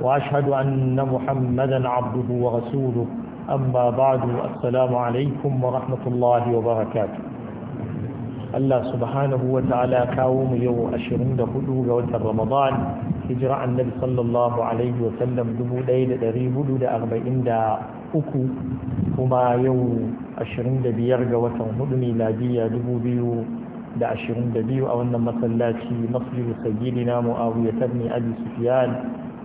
وأشهد أن محمدا عبده ورسوله أما بعد السلام عليكم ورحمة الله وبركاته الله سبحانه وتعالى كاوم يو أشرين دخلوا جوة رمضان هجرة النبي صلى الله عليه وسلم دبو ليلة دريه دود أربعين دا أكو كما يو أشرين دبيار جوة هدو ميلادية دبو بيو دا أشرين دبيو أو أن مسلاتي مصدر سيدنا معاوية بن أبي سفيان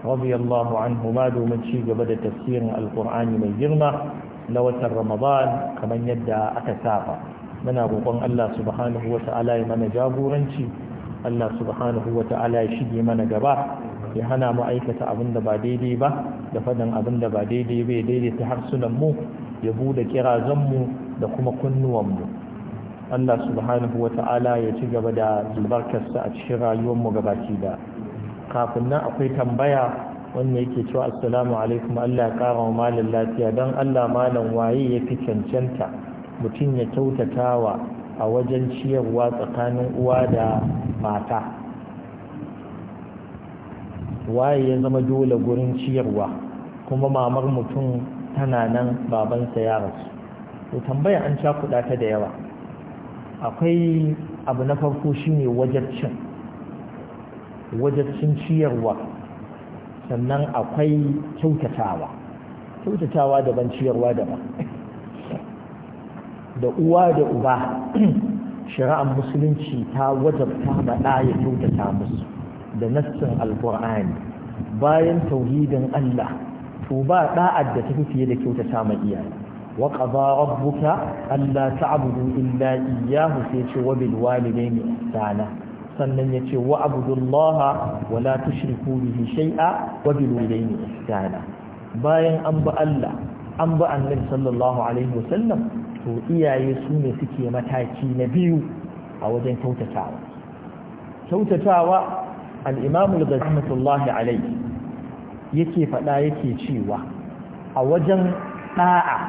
radiyallahu anhuma domin ci gaba da tafsirin alkur'ani mai girma na watan ramadan kamar yadda aka saba muna roƙon Allah subhanahu wa ta'ala ya mana jagoranci Allah subhanahu wa ta'ala ya shige mana gaba ya hana mu aikata abin ba daidai ba da faɗan abinda ba daidai ba ya daidaita harsunan mu ya bude kirazanmu da kuma kunnuwan mu Allah subhanahu wa ta'ala ya ci gaba da albarkarsa a cikin rayuwar mu gabaki da kafin nan akwai tambaya wanda yake cewa assalamu alaikum Allah ya kara wa Malam lafiya don Allah malam waye ya fi cancanta mutum ya kyautatawa a wajen ciyarwa tsakanin uwa da mata waye ya zama dole gurin ciyarwa kuma mamar mutum tana nan babansa ya rasu to tambaya an kuɗa ta da yawa akwai abu na farko shine wajen cin wajabcin ciyarwa sannan akwai kyautatawa kyautatawa daban ciyarwa daban da uwa da uba shari'ar musulunci ta wajabta maɗa ya kyautata musu da nassin alkur'ani bayan tauhidin Allah to ba da'ad da tafi fiye da kyautata ma iyaye wa qada rabbuka alla ta'budu illa iyyahu sai ce wa bil walidayni ihsana sannan ya ce wa abudullaha wa la tushriku bihi shay'a wa bil walidayni ihsana bayan an ba Allah an ba annabi sallallahu alaihi wasallam to iyaye su ne suke mataki na biyu a wajen kyautatawa kyautatawa al-imam al-ghazmatullahi alaihi yake faɗa yake cewa a wajen ɗa'a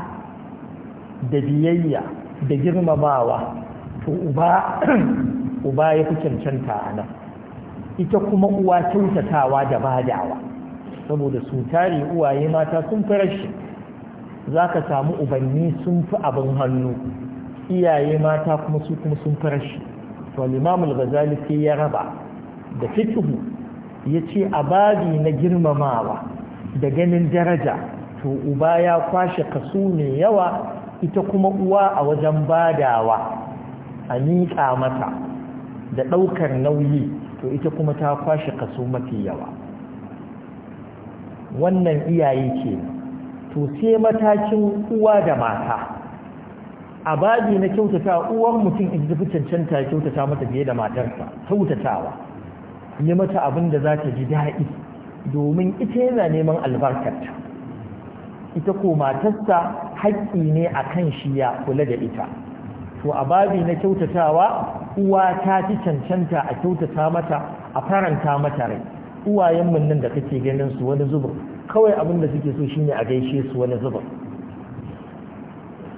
da biyayya da girmamawa to uba uba ya fi cancanta a nan ita kuma uwa kyautatawa da badawa saboda su tare uwaye mata sun fi rashi za ka samu ubanni sun fi abin hannu iyaye mata kuma su kuma sun fi rashi to limamul sai ya raba da fituhu ya ce a babi na girmamawa da ganin daraja to uba ya kwashe kasu mai yawa ita kuma uwa a wajen badawa a miƙa mata da ɗaukar nauyi to ita kuma ta kwashe kaso mafi yawa wannan iyaye ke to sai matakin uwa da mata a baji na kyautata uwar mutum in tafi cancanta kyautata mata biye da matarsa kyautatawa ne mata abin da za ta ji daɗi domin ita yana neman albarkarta ita ko matarsa haƙƙi ne a kan shi ya kula da ita to a babi na kyautatawa uwa ta ci cancanta a kyautata mata a faranta mata rai uwayen nan da kake ganin su wani zubin kawai abin da suke so shine a gaishe su wani zubin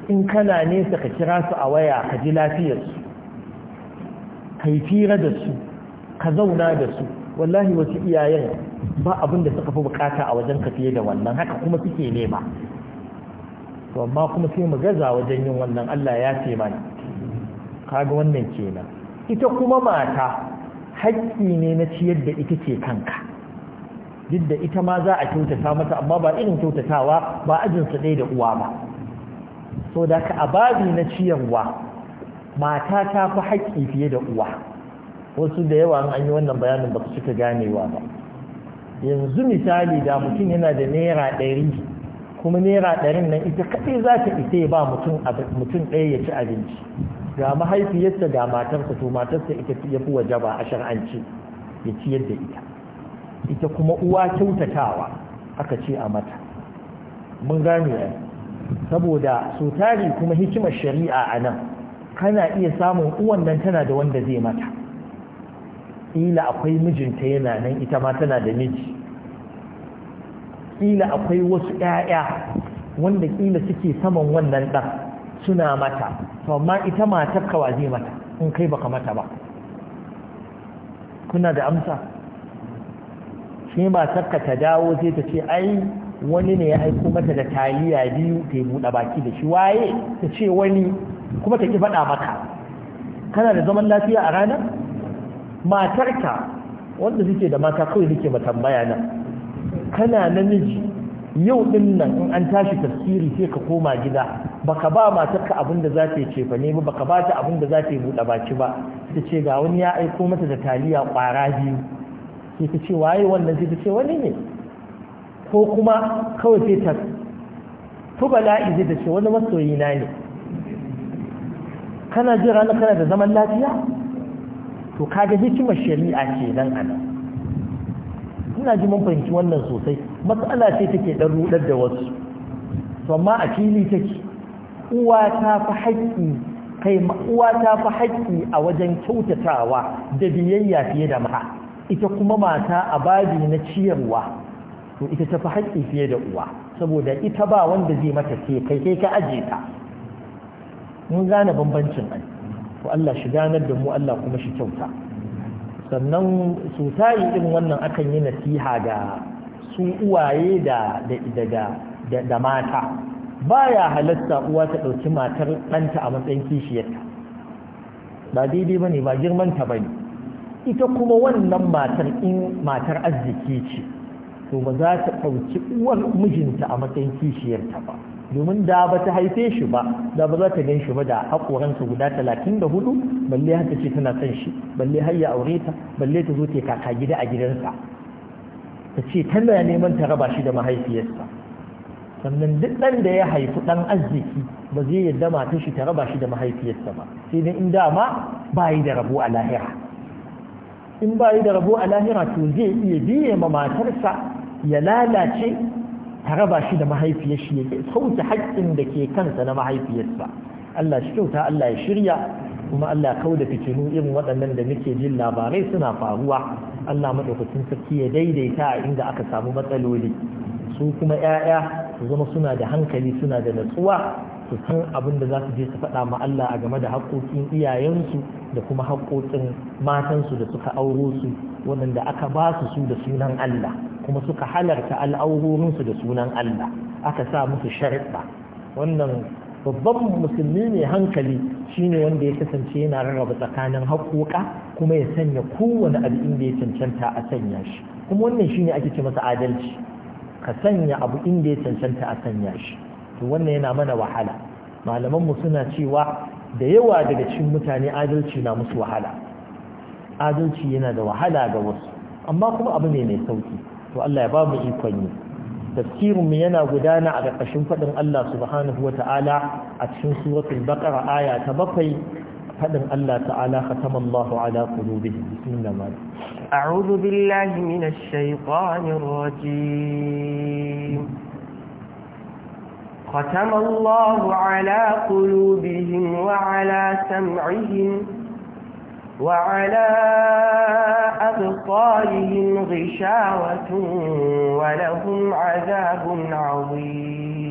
in kana nesa ka kira su a waya ka ji lafiyar su ka yi fira da su ka zauna da su wallahi wasu iyayen ba abin da suka fi bukata a wajen ka fiye da wannan haka kuma suke nema to amma kuma sai mu gaza wajen yin wannan Allah ya ce mana kaga wannan kenan ita kuma mata haƙƙi ne na ciyar da ita ce kanka duk da ita ma za a kyautata mata amma ba irin kyautatawa ba ajinsa ɗaya da uwa ba so da ka ababi na ciyarwa mata ta fi haƙƙi fiye da uwa wasu da yawa an yi wannan bayanin ba su cika ganewa ba yanzu misali da mutum yana da naira ɗari kuma naira ɗarin nan ita kaɗai za ta isa ba mutum ɗaya ya ci abinci ga mahaifiyarsa ga matarsa to matarsa ita ya fi wajaba a shar'anci ya ciyar da ita ita kuma uwa kyautatawa aka ce a mata mun gane saboda so tari kuma hikimar shari'a a nan kana iya samun uwan nan tana da wanda zai mata ƙila akwai mijinta yana nan ita ma tana da miji ƙila akwai wasu 'ya'ya wanda ƙila suke saman wannan ɗan suna mata to amma ita matar kawa zai mata in kai baka mata ba kuna da amsa shi matar ka ta dawo sai ta ce ai wani ne ya aiko mata da taliya biyu ta yi buɗe baki da shi waye ta ce wani kuma ta ki faɗa maka kana da zaman lafiya a ranar Matar matarka wanda suke da mata kawai suke ba tambaya nan kana namiji yau ɗinnan nan in an tashi tafsiri sai ka koma gida baka ba matarka abin da za ta yi cefa ne ba baka ba ta abin da za ta yi buɗe baki ba ta ce ga wani ya aiko mata da taliya ƙwara biyu sai ta ce waye wannan sai ta ce wani ne ko kuma kawai sai ta to bala'i zai ta ce wani masoyi na ne kana jin ranar kana da zaman lafiya to kaga hikimar shari'a ce nan ana ina ji mun fahimci wannan sosai matsala ce take ɗan rudar da wasu to amma a fili take uwa ta fi haƙƙi kai uwa ta fi haƙƙi a wajen kyautatawa da biyayya fiye da maha ita kuma mata a babi na ciyarwa to ita ta fi haƙƙi fiye da uwa saboda ita ba wanda zai mata ce kai kai ka aje ta mun gane bambancin ai to Allah shi ganar da mu Allah kuma shi kyauta sannan su irin wannan akan yi nasiha ga su uwaye da da da mata baya halatta uwa ta ɗauki matar ɗanta a matsayin kishiyarta ba daidai ba ne ba girmanta ba ne ita kuma wannan matar in matar arziki ce to ba za ta ɗauki uwar mijinta a matsayin kishiyarta ba domin da ba ta haife shi ba da ba za ta gan shi ba da haƙoransa guda talatin da hudu balle haka ce tana son shi balle har ya aure ta balle ta zo ta kaka gida a gidansa ta ce tana neman ta raba shi da mahaifiyarsa sannan duk ɗan da ya haifi ɗan arziki ba zai yadda matar shi ta raba shi da mahaifiyarsa ba sai dai in dama ba yi da rabo a lahira in ba yi da rabo a lahira to zai iya biye ma matarsa ya lalace ta raba shi da mahaifiyar shi ya sauke haƙƙin da ke kansa na mahaifiyarsa Allah shi kyauta Allah ya shirya kuma Allah kau da fitinu irin waɗannan da muke jin labarai suna faruwa Allah maɗaukacin sarki ya daidaita a inda aka samu matsaloli su kuma 'ya'ya su zama suna da hankali suna da natsuwa su san abin da za su je su faɗa ma Allah a game da haƙoƙin iyayensu da kuma haƙoƙin matansu da suka auro su waɗanda aka ba su su da sunan Allah kuma suka halarta al'aurorinsu da sunan Allah aka sa musu sharɗa wannan babban musulmi mai hankali shine wanda ya kasance yana rarraba tsakanin haƙoƙa kuma ya sanya kowane abin da ya cancanta a sanya shi kuma wannan shine ake ce masa adalci ka sanya abu inda ya cancanta a sanya shi to wannan yana mana wahala malaman mu suna cewa da yawa daga cikin mutane adalci na musu wahala adalci yana da wahala ga wasu amma kuma abu ne mai sauki to Allah ya ba mu ikon yi tafsirin yana gudana a ƙarƙashin faɗin Allah subhanahu wa ta'ala a cikin suratul baqara aya ta bakwai فدن الله تعالى ختم الله على قلوبهم بسم الله أعوذ بالله من الشيطان الرجيم ختم الله على قلوبهم وعلى سمعهم وعلى أبطالهم غشاوة ولهم عذاب عظيم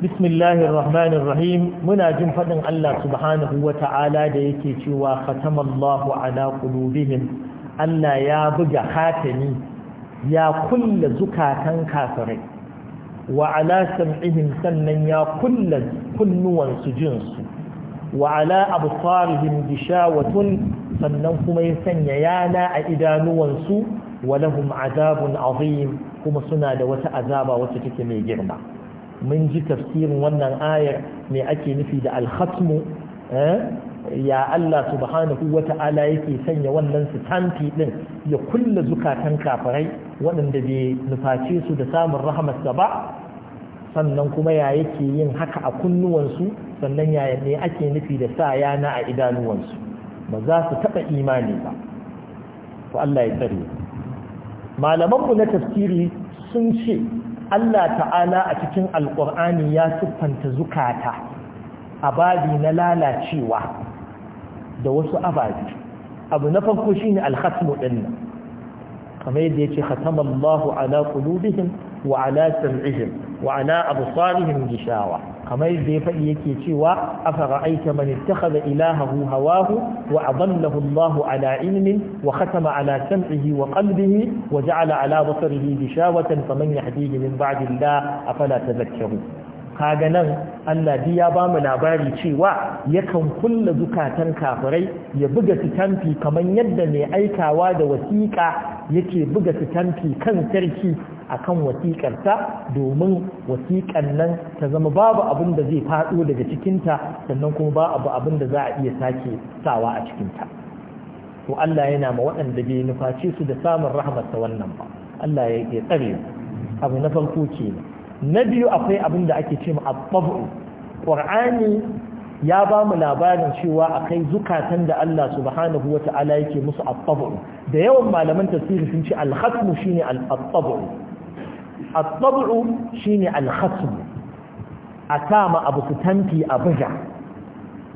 بسم الله الرحمن الرحيم منا جن فدن الله سبحانه وتعالى da yake cewa khatama Allahu ala qulubihim Allah ya buga khatami ya kulla zukatan kafirai wa'ala ala sannan ya kulla kunnuwansu jinsu, wa'ala su wa ala sannan kuma ya sanya yana a idanuwansu su wa lahum azabun azim kuma suna da wata azaba wacce take mai girma mun ji tafsirin wannan ayar me ake nufi da alhatmu eh? ya Allah subhanahu wa ta'ala yake sanya wannan sitanti din ya kulle zukatan kafirai waɗanda bai nuface su da samun rahamarsa ba sannan kuma ya yake yin haka a kunnuwansu sannan ya ne ake nufi da sa yana a idanuwansu ba za su taɓa imani ba ko Allah ya tsare malamanmu na tafsiri sun ce Allah ta'ala a cikin alƙur'ani ya siffanta zukata a babi na lalacewa da wasu ababi abu na farko shine alhatmu din nan kamar yadda yace katamallahu ala qulubihim وعلى سمعهم وعلى أبصارهم غشاوة كما يزيف إيكي تشوى أفرأيت من اتخذ إلهه هواه وأضله الله على علم وختم على سمعه وقلبه وجعل على بصره غشاوة فمن يهديه من بعد الله أفلا تذكرون kaga nan Allah duk ya bamu labari cewa yakan kulla zukatan kafirai ya buga sitamfi kamar yadda mai aikawa da wasiƙa yake buga sitamfi kan sarki akan wasiƙarsa domin wasiƙan nan ta zama babu abin da zai faɗo daga cikinta sannan kuma abu abin da za a iya sake sawa a cikinta to Allah yana ma waɗanda bai nuface su da samun rahmatar wannan ba Allah ya tsare abu na farko kenan na biyu akwai abin da ake ce ma'abbabu ƙwar'ani ya ba mu labarin cewa akai zukatan da Allah subhanahu wa ta'ala yake musu abbabu da yawan malaman tasiri sun ce alhatmu shi ne al'abbabu abbabu shi ne alhatmu a abu su tamfi a buga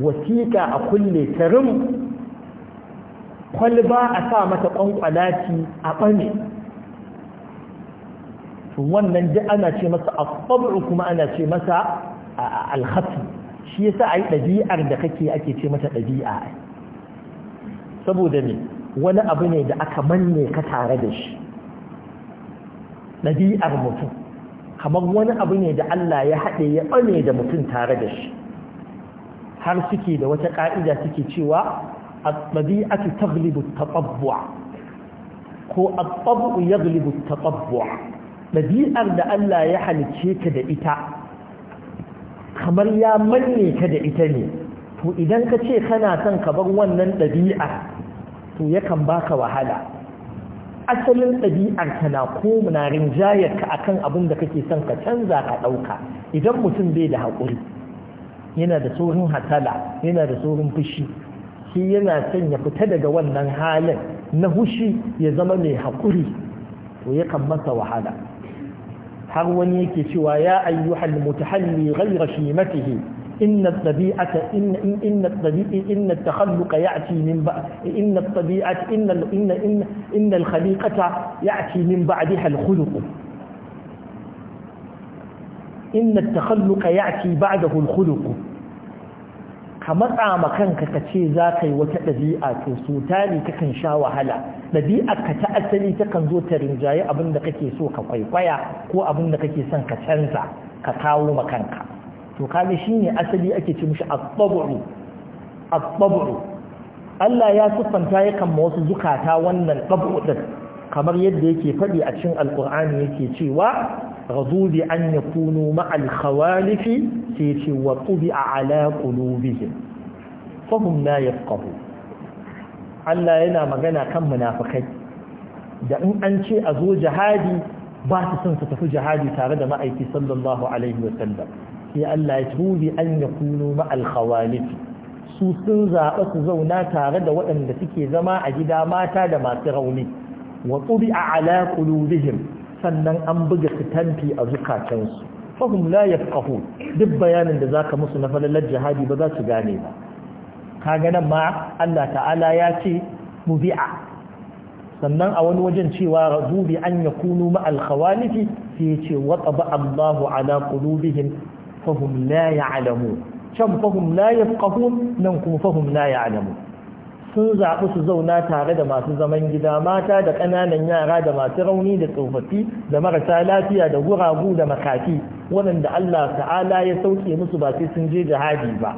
wasiƙa a kulle tarin kwalba a sa mata ƙwanƙwalaci a ɓane wannan duk ana ce masa asab'u kuma ana ce masa alkhafi shi yasa ai ɗabi'ar da kake ake ce mata ɗabi'a. saboda ne wani abu ne da aka manne ka tare da shi Ɗabi'ar mutum kamar wani abu ne da Allah ya haɗe ya ɓane da mutum tare da shi har suke da wata ƙa'ida suke cewa at-tabi'atu taghlibu ko at-tabu yaghlibu at-tatabbu' ɗabi'ar da Allah ya halice ka da ita kamar ya manne ka da ita ne to idan ka ce kana son ka bar wannan ɗabi'ar, to yakan baka wahala asalin ɗabi'ar ka na komuna rinjayar ka akan abin da kake son ka canza ka ɗauka idan mutum bai da haƙuri yana da saurin hatala yana da saurin fushi shi yana son ya fita daga wannan halin na hushi ya zama mai haƙuri to yakan masa wahala har wani yake cewa ya ayyuhal mutahalli ghayra shimatihi inna tabi'ata inna inna tabi'i inna at-takhalluq ya'ti min inna at-tabi'ata inna inna inna al-khaliqata ya'ti min ba'daha al-khuluq inna at-takhalluq ya'ti ba'dahu al-khuluq ka matsa ma kanka ka ce za ka yi wata ɗabi'a to so tari kakan sha wahala ɗabi'a ka ta asali takan zo ta rinjaye abin da kake so ka kwaikwaya ko abin da kake son ka canza ka kawo ma kanka to kaga ne asali ake ce mishi at-tab'u Allah ya siffanta ya kama wasu zukata wannan tab'u kamar yadda yake faɗi a cikin alkur'ani yake cewa radu bi an yakunu ma'al khawalifi sai ce wa tubi'a ala qulubihim fahum ya yafqahu Allah yana magana kan munafikai da in an ce a zo jihadi ba su son su tafi jihadi tare da ma'aiki sallallahu alaihi wa sallam sai Allah ya tubi an yakunu ma'al khawalifi su sun zaɓa su zauna tare da waɗanda suke zama a gida mata da masu rauni wa tubi'a ala qulubihim sannan an buga sitamfi a zukatansu fahim la yafqahu duk bayanin da zaka musu na falalar jihadi ba za su gane ba kaga nan ma Allah ta'ala ya ce mubi'a sannan a wani wajen cewa radu bi an yakunu ma al khawalifi sai ce wa taba Allahu ala qulubihim fahum la ya'lamu can fahum la yafqahu nan kuma fahum la ya'lamu sun zaɓi su zauna tare da masu zaman gida mata da ƙananan yara da masu rauni da tsofaffi da marasa lafiya da guragu da makafi waɗanda Allah ta'ala ya sauke musu ba sai sun je jihadi ba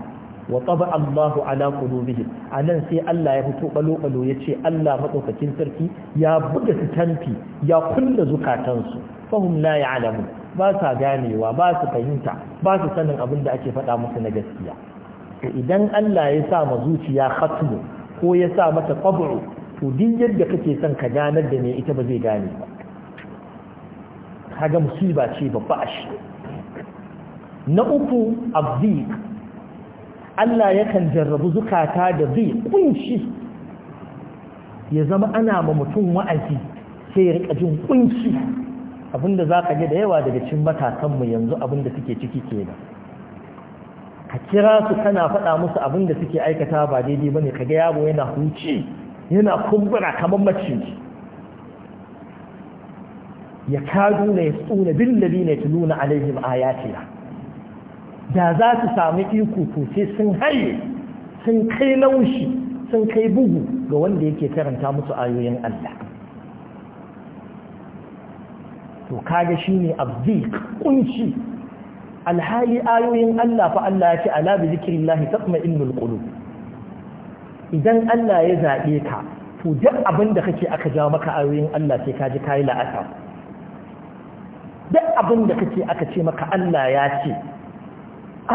wa taba Allahu ala a anan sai Allah ya fito balo ya ce Allah madaukakin sarki ya buga su tanfi ya kulle zukatansu fahum ya ya'lamu ba sa ganewa ba su fahimta ba su sanin abin da ake faɗa musu na gaskiya idan Allah ya sa ma zuciya khatmu ko ya sa mata tab'u to duk yadda kake son ka ganar da ne ita ba zai gane ba kaga musiba ce babba a shi na uku abdi Allah yakan jarrabu zukata da zai kunshi ya zama ana ma mutum wa'azi sai ya rika jin kunshi abinda za ka ga da yawa daga cikin matasanmu yanzu abinda suke ciki kenan ka kira su kana faɗa musu abin da suke aikata ba daidai bane kaga yaro yana huce yana kumbura kamar maciji ya kadu na yasuna bil ladina nuna alaihim ayatina da za su sami iko to sai sun haye sun kai laushi sun kai bugu ga wanda yake karanta musu ayoyin Allah to kaga shine abdi kunci alhali ayoyin Allah fa Allah ya ce ala bi zikrillahi tatma'innul qulub idan Allah ya zabe ka to duk abin da kake aka jawo maka ayoyin Allah sai ka ji kai la'asa duk abin da kake aka ce maka Allah ya ce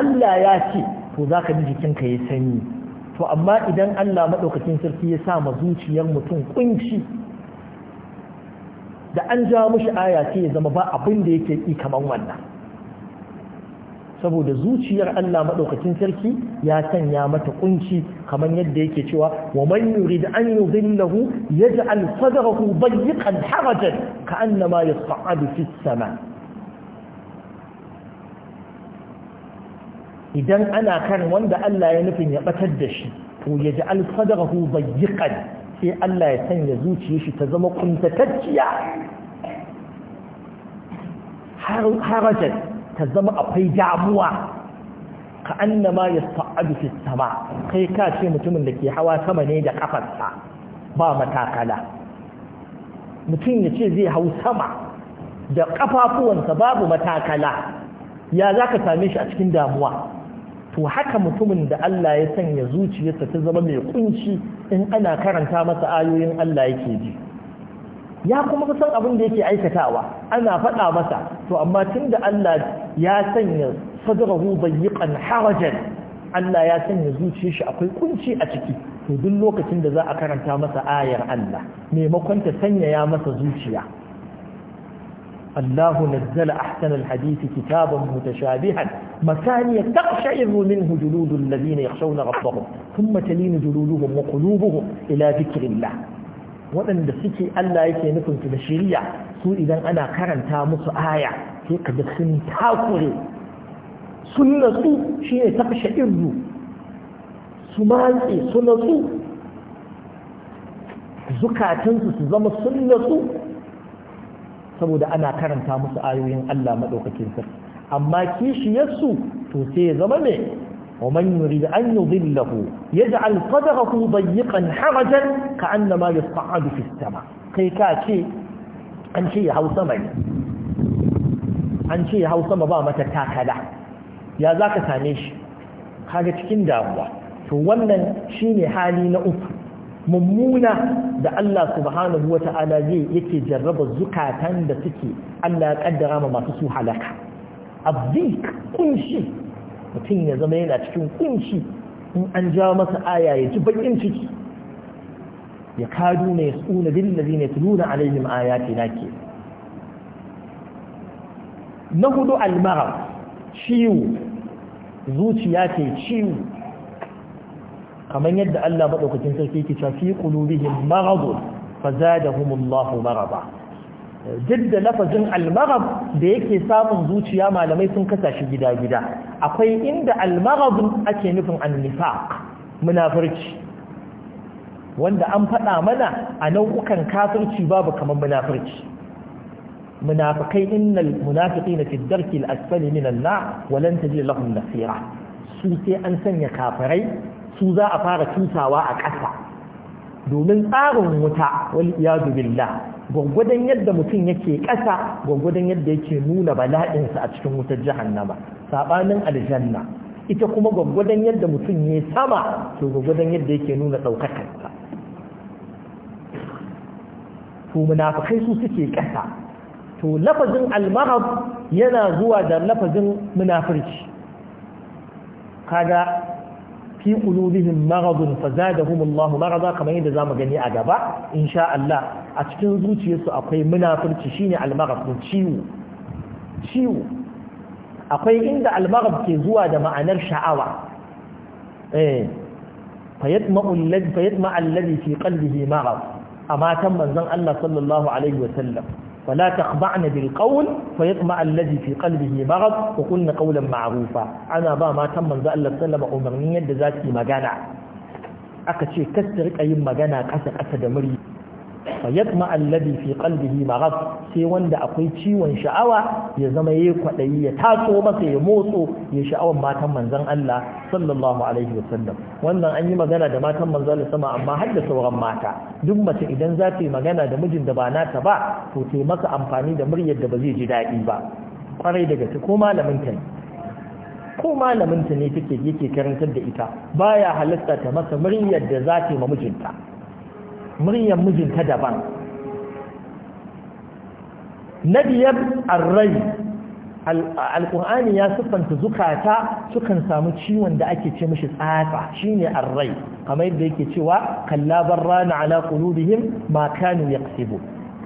Allah ya ce to zaka ji jikinka ya sanyi to amma idan Allah madaukakin sarki ya sa ma zuciyar mutum kunci da an ja mushi aya sai ya zama ba abin da yake yi kamar wannan saboda zuciyar Allah maɗaukacin sarki ya sanya mata kunci kamar yadda yake cewa wa man yurid an yudillahu yaj'al sadrahu dayyqan harajan ka'annama yas'adu fis sama idan ana kan wanda Allah ya nufin ya batar da shi to yaj'al sadrahu dayyqan sai Allah ya sanya zuciyar shi ta zama kuntatacciya harajan ka zama akwai damuwa ka annama ya sa'adu fi sama kai ka ce mutumin da ke hawa sama ne da kafarsa ba matakala mutum ya ce zai hau sama da kafafuwansa babu matakala ya za ka same shi a cikin damuwa to haka mutumin da Allah ya sanya zuciyarsa ta zama mai kunci in ana karanta masa ayoyin Allah yake ji ya kuma san abin da yake aikatawa ana faɗa masa to amma tunda Allah ya sanya sadrahu bayyiqan harajan Allah ya sanya zuciyar shi akwai kunci a ciki to duk lokacin da za a karanta masa ayar Allah maimakon ta sanya ya masa zuciya Allah nazzal ahsan alhadith kitaban mutashabihan masani taqsha'iru minhu juludul ladina yakhshawna rabbahum thumma talinu juluduhum wa qulubuhum ila dhikrillah waɗanda suke Allah yake nufin da shiriya su idan ana karanta musu aya sai ka ga sun takure sun natsu shi ne ta fashe irru su matse su natsu zukatansu su zama sun natsu saboda ana karanta musu ayoyin Allah maɗaukakin sarki amma kishiyarsu to sai ya zama ne ومن يريد أن يضله يجعل قدره ضيقا حرجا كأنما يصعد في السماء كيكاتي an ce ya hau sama an ce ya hau sama ba mata takala. ya za ka same shi kaga cikin damuwa to wannan shine hali na uku mummuna da Allah subhanahu wa ta'ala zai yake jarraba zukatan da suke Allah ya kaddara ma masu su halaka abdik kunshi mutum ya zama yana cikin kunci in an ja masa aya ya ji bakin ciki ya kadu ne ya tsuna lillazi ne tuluna alaihim ayati na ke na hudu almara ciwo zuciya ce ciwo kamar yadda Allah maɗaukacin sarki ke cewa fi qulubihim maradun fazadahumullahu marada duk da lafazin almarab da yake samun zuciya malamai sun kasa shi gida-gida akwai inda almarab ake nufin annifaq munafurci wanda an faɗa mana a nau'ukan kafirci babu kamar munafurci munafikai innal munafiqina fi ad-darki al-asfali min an-nar wa lan tajid lahum nasira su sai an sanya kafirai su za a fara tutawa a ƙasa domin tsarin wuta wal iyadu billah gwaggwadon yadda mutum yake ƙasa gwaggwadon yadda yake nuna bala'insa a cikin wutar jahannama saɓanin aljanna ita kuma gwaggwadon yadda mutum ya sama to gwaggwadon yadda yake nuna ɗaukakarsa to munafukai su suke ƙasa to lafazin almarab yana zuwa da lafazin munafurci kaga fi qulubihim maradun fazadahum Allahu marada kamar yadda zamu gani a gaba insha Allah a cikin zuciyarsu akwai munafurci shine al-marad ciwo ciwo akwai inda al ke zuwa da ma'anar sha'awa eh fayatma'u alladhi fayatma'a alladhi fi qalbihi marad amma kan manzon Allah sallallahu alaihi wa sallam wala ta ba'ana bil qawl fa yatma allazi fi qalbihi marad wa kunna qawlan ma'rufa ana ba matan manzo Allah sallama umarnin yadda yi magana aka ce kasta rika yin magana kasa kasa da muri Fayyad yatma alladhi fi qalbihi maras sai wanda akwai ciwon sha'awa ya zama yayi kwaɗayi ya taso masa ya motso ya sha'awan matan manzon Allah sallallahu alaihi wasallam wannan an yi magana da matan manzon Allah sama amma har da sauran mata duk mace idan za ta yi magana da mijin da ba nata ba to ta masa amfani da muryar da ba zai ji daɗi ba kwarai daga ta ko malamin ta ne ko malaminta ne take yake karantar da ita baya halatta ta masa muryar da za ta yi ma mijinta. muryar mijinta daban na biyar arrai alƙur'ani ya siffanta zukata sukan samu ciwon da ake ce mashi tsatsa shine arrai kamar yadda yake cewa kalla barrana ala qulubihim ma kanu yaqsibu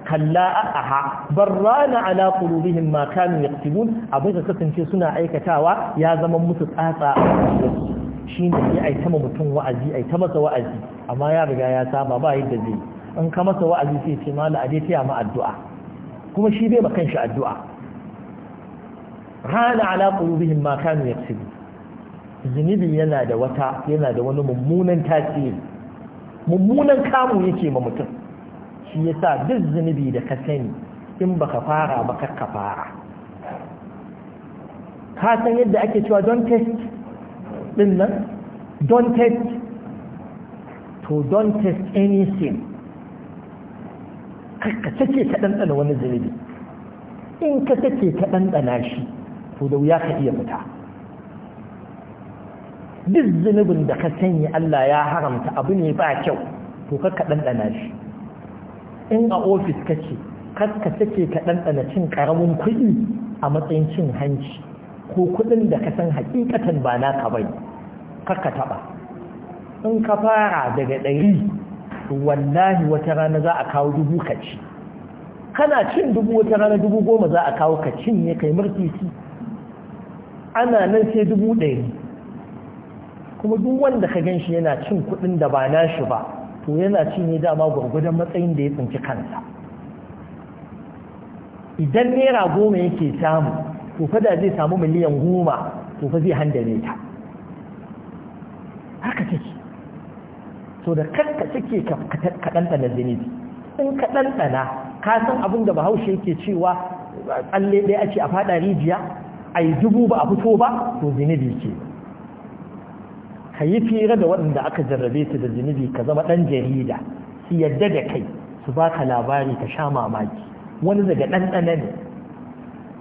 kalla aha barrana ala qulubihim ma kanu yaqsibun abin da kasance suna aikatawa ya zama musu tsatsa a shine sai ai ta mutum wa'azi ai ta masa wa'azi amma ya riga ya saba ba yadda zai in ka masa wa'azi sai ce a aje ta ma addu'a kuma shi bai makan shi addu'a rana ala qulubihim ma kanu yaksubu zunubi yana da wata yana da wani mummunan tasiri mummunan kamu yake ma mutum shi yasa duk zunubi da ka sani in baka fara ba ka fara ka san yadda ake cewa don test din nan don't test to don't test anything ka take ka ɗanɗana wani zunubi in ka take ka ɗanɗana shi to da wuya ka iya fita duk zunubin da ka sanya Allah ya haramta abu ne ba kyau to ka ɗanɗana shi in a ofis kace kar ka take ka ɗanɗana cin ƙaramin kuɗi a matsayin cin hanci ko kudin da ka san hakikatan ba na ka bai kaka taba in ka fara daga ɗari wallahi wata rana za a kawo dubu ka ci kana cin dubu wata rana dubu goma za a kawo ka cinye kai murtisi ana nan sai dubu ɗari kuma duk wanda ka gan shi yana cin kuɗin da ba na shi ba to yana ci ne dama gwargwadon matsayin da ya tsinci kansa idan naira goma yake samu tufa da zai samu miliyan goma tufa zai handane ta haka take to da kanka take ka ɗanɗana zinibi in ka ɗanɗana ka san abin da bahaushe yake cewa tsalle ɗaya a ce a faɗa rijiya a yi dubu ba a fito ba to zinibi ke ka yi fira da waɗanda aka jarrabe su da zinibi ka zama ɗan jarida su yadda da kai su ba ka labari ka sha mamaki wani daga ɗanɗana ne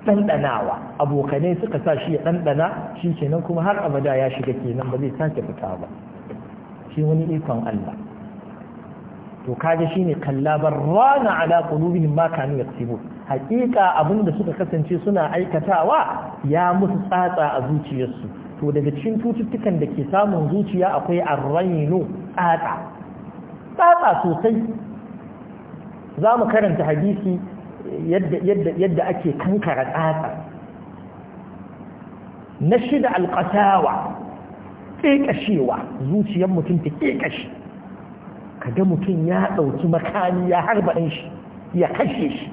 ɗanɗanawa abokanai suka sa shi ya ɗanɗana shi kenan kuma har abada ya shiga kenan ba zai sake fita ba shi wani ikon Allah to kaje shine kallabar rana ala qulubihim ma kanu yaksibun haqiqa abinda suka kasance suna aikatawa ya musu tsatsa a zuciyarsu to daga cikin cututtukan da ke samun zuciya akwai arrainu tsatsa tsatsa sosai za mu karanta hadisi yadda ake kankara tsatsa na shida alƙasawa ƙeƙashewa zuciyar mutum ta ƙeƙashe kada mutum ya ɗauki makami ya harba ɗin shi ya kashe shi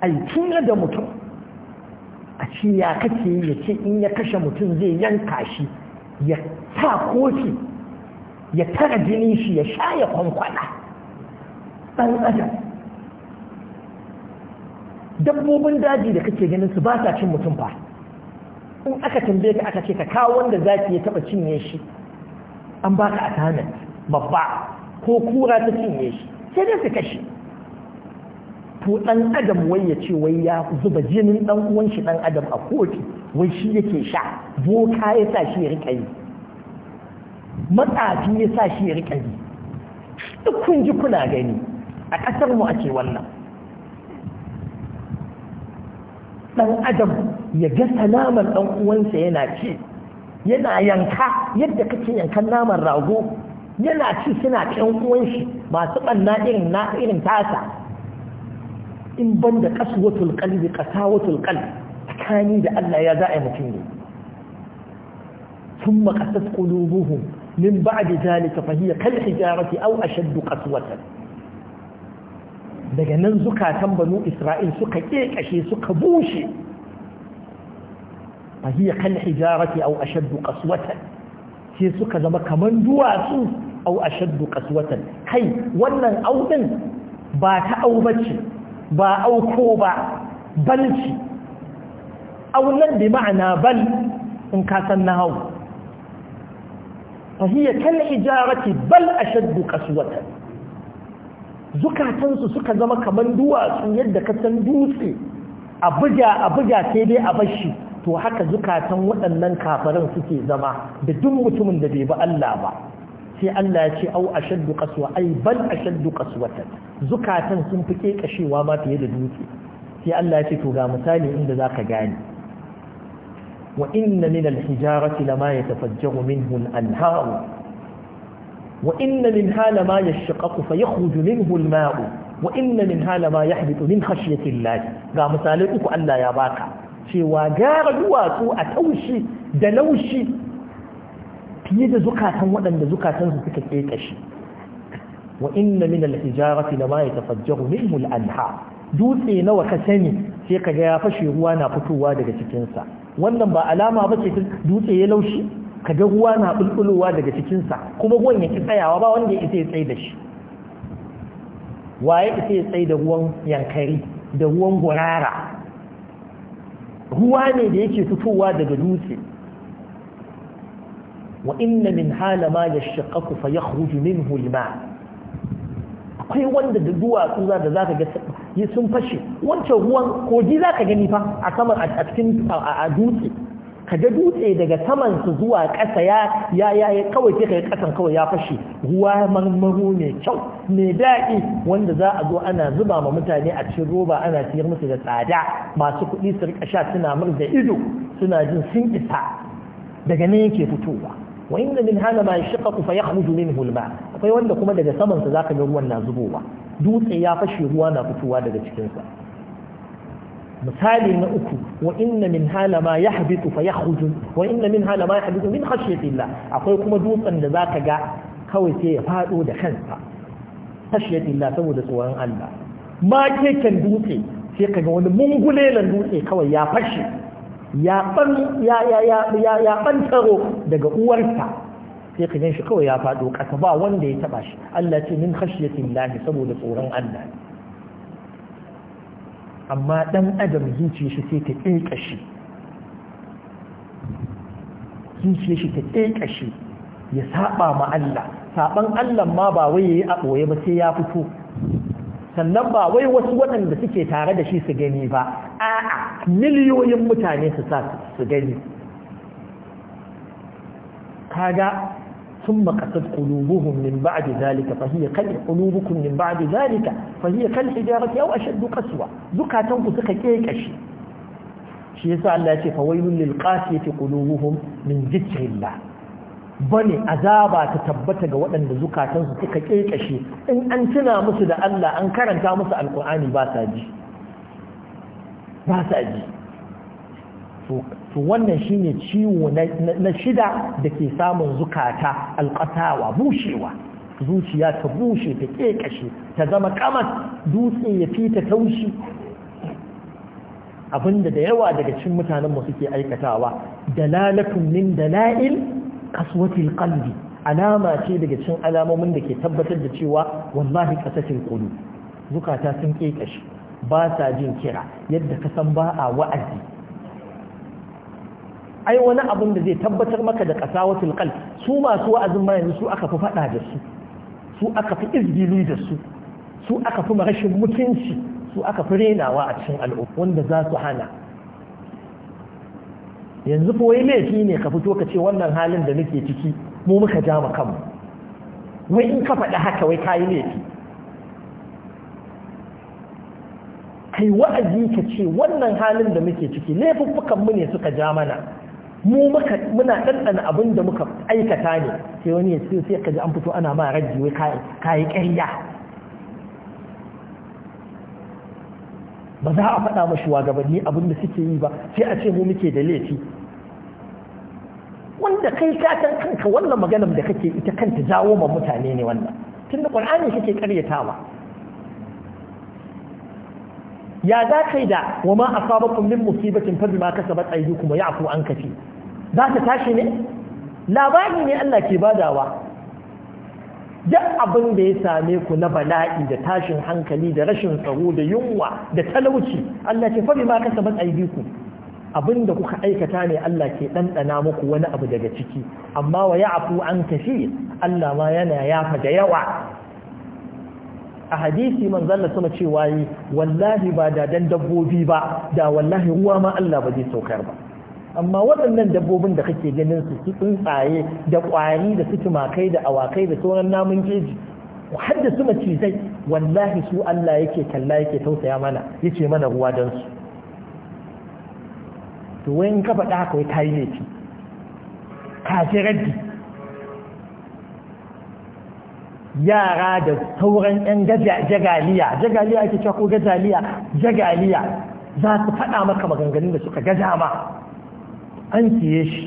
a yi da mutum a ce ya kake ya ce in ya kashe mutum zai yanka shi ya sa kofi ya tara jinin shi ya sha ya kwankwana ɗan adam dabbobin daji da kake ganin su ba sa cin mutum fa in aka tambaye ka aka ce ka kawo wanda zaki ya taba cinye shi an baka atanan babba ko kura ta cinye shi sai dai su kashe to dan adam wai ya ce wai ya zuba jinin dan uwan shi dan adam a kotu wai shi yake sha boka ya sa shi ya rika yi matsafi ya sa shi ya rika yi duk kun ji kuna gani a kasar mu ake wannan ɗan adam ya ga naman ɗan uwansa yana ci yana yanka yadda kake yankan naman rago yana ci suna ɗan uwanshi masu ɓanna irin na irin tasa in ban da kasuwatul kalbi kasawatul kalbi tsakani da Allah ya za'a mutum ne sun makasas ƙulubuhun min ba'adi zalika fahiyya kal hijarati aw ashaddu qaswatan daga nan zukatan banu isra'il suka kekashe suka bushe a hiya kan hijarati au ashaddu qaswatan sai suka zama kamar duwatsu au ashaddu qaswatan kai wannan au ba ta au bace ba auko ko ba balci au da bi ma'ana bal in ka san nahawu fa hiya kan hijarati bal ashaddu qaswatan zukatansu suka zama kamar duwatsu yadda ka san dutse a buga a buga sai dai a bashi to haka zukatan waɗannan kafaran suke zama da duk mutumin da bai bi Allah ba sai Allah ya ce au ashaddu qaswa ai bal ashaddu qaswatan zukatan sun fi kekashewa ma fiye da dutse sai Allah ya ce to ga misali inda zaka gane wa inna min al-hijarati lama yatafajjaru minhu al-anharu وإن منها لما يشقق فيخرج منه الماء وإن منها لما يحبط من خشية الله ga misalai uku Allah ya baka cewa gyara duwatsu a taushi da laushi fiye da zukatan waɗanda zukatan su suka kekashi wa inna min al-hijarati lama yatafajjaru minhu al-anha dutse nawa ka sani sai ka ga ya fashe ruwa na fitowa daga cikin sa wannan ba alama bace dutse ya laushi ka ga ruwa na bulbulowa daga cikinsa kuma ruwan ya ki tsayawa ba wanda ya ya tsaye da shi waye isa ya tsaye da ruwan yankari da ruwan gurara ruwa ne da yake fitowa daga dutse wa inna min hala ma yashaqqaqu fa yakhruju minhu al-ma akwai wanda da duwatsu za da zaka ga yi sun fashe wancan ruwan kogi zaka gani fa a saman a cikin a dutse ka da dutse daga saman su zuwa ƙasa ya ya ya kawai sai kai ƙasan kawai ya fashe ruwa marmaru mai kyau mai daɗi wanda za a zo ana zuba ma mutane a cikin roba ana siyar musu da tsada masu kuɗi su rika sha suna mur da ido suna jin sun isa daga nan yake fitowa wa inna min hana ma yashaqqu fa yakhruju minhu al akwai wanda kuma daga saman sa zaka ga ruwan na zubowa dutse ya fashe ruwa na fitowa daga cikin sa misali na uku wa inna min hala ma yahbitu fa yakhruju wa inna min hala ma yahbitu min khashyati Allah akwai kuma dutsen da za ka ga kawai sai ya fado da kansa khashyati Allah saboda tsoron Allah makeken dutse sai kaga wani mungulelan dutse kawai ya fashe ya ban daga uwarta, sai ka kawai ya fado kasa ba wanda ya taɓa shi Allah ce min khashyati Allah saboda tsoron Allah amma ɗan adam zuciya shi sai ta shi zuciya shi ta shi ya saba ma Allah saban Allah ma ba wai yayi a ɓoye ba sai ya fito sannan ba wai wasu waɗanda suke tare da shi su gani ba a'a miliyoyin mutane su sa su gani kaga ثم قست قلوبهم من بعد ذلك فهي كل قلوبكم من بعد ذلك فهي كالحجارة أو أشد قسوة ذكا تنقصك كيك أشي شيء سأل الله فويل للقاسية قلوبهم من ذكر الله bane azaba ta tabbata ga waɗanda zukatansu suka kekashe in an tuna musu da Allah an karanta musu alkur'ani ba sa ji ba sa ji to wannan shine ciwo na shida da ke samun zukata alƙatawa bushewa zuciya ta bushe ta ƙeƙashe ta zama kamar dutse ya fi ta taushi abinda da yawa daga cin mutanenmu suke aikatawa dalalatun min dala'il kaswatil qalbi alama ce daga cin alamomin da ke tabbatar da cewa wallahi qasatil qulub zukata sun ƙeƙashe ba sa jin kira yadda kasan san ba a wa'azi ai wani abin da zai tabbatar maka da kasawatul qalb su masu wa'azin ma yanzu su aka fi fada da su su aka fi izbilu da su su aka fi rashin mutunci su aka fi renawa a cikin al'umma wanda za su hana yanzu fa wai laifi ne ka fito ka ce wannan halin da nake ciki mu muka ja mu kanmu wai in ka faɗi haka wai kayi laifi kai wa'azi ka ce wannan halin da muke ciki laifuffukan mu ne suka ja mana mu muka muna ɗanɗana abin da muka aikata ne sai wani ya ce sai kaji an fito ana ma raji wai kayi ƙarya ba za a faɗa mashi wagabanni abin da suke yi ba sai a ce mu muke da laifi wanda kai ka san kanka wannan maganar da kake ita kanta jawo ma mutane ne wannan Tun da Qur'ani kake ƙaryatawa ya za yi da wa ma asabakum min musibatin fa bima kasabat aydikum wa ya'fu an kafi za ta tashi ne labari ne Allah ke badawa duk abin da ya same ku na bala'i da tashin hankali da rashin tsaro da yunwa da talauci Allah ce fa bima kasabat aydikum abin da kuka aikata ne Allah ke ɗanɗana muku wani abu daga ciki amma wa ya'fu an kafi Allah ma yana yafa da yawa a hadisi man Allah sama cewa yi wallahi ba da dan dabbobi ba da wallahi ruwa ma Allah ba zai saukar ba amma waɗannan dabbobin da kake ganin su su tsuntsaye da ƙwari da su tumakai da awakai da sauran namun jeji har da su macizai wallahi su Allah yake kalla yake tausaya mana yace mana ruwa don su to wayan ka faɗa haka wai kayi laifi ka ji raddi yara da sauran 'yan jagaliya jagaliya ake cewa ko gajaliya jagaliya za su faɗa maka maganganun da suka gaja ma an siye shi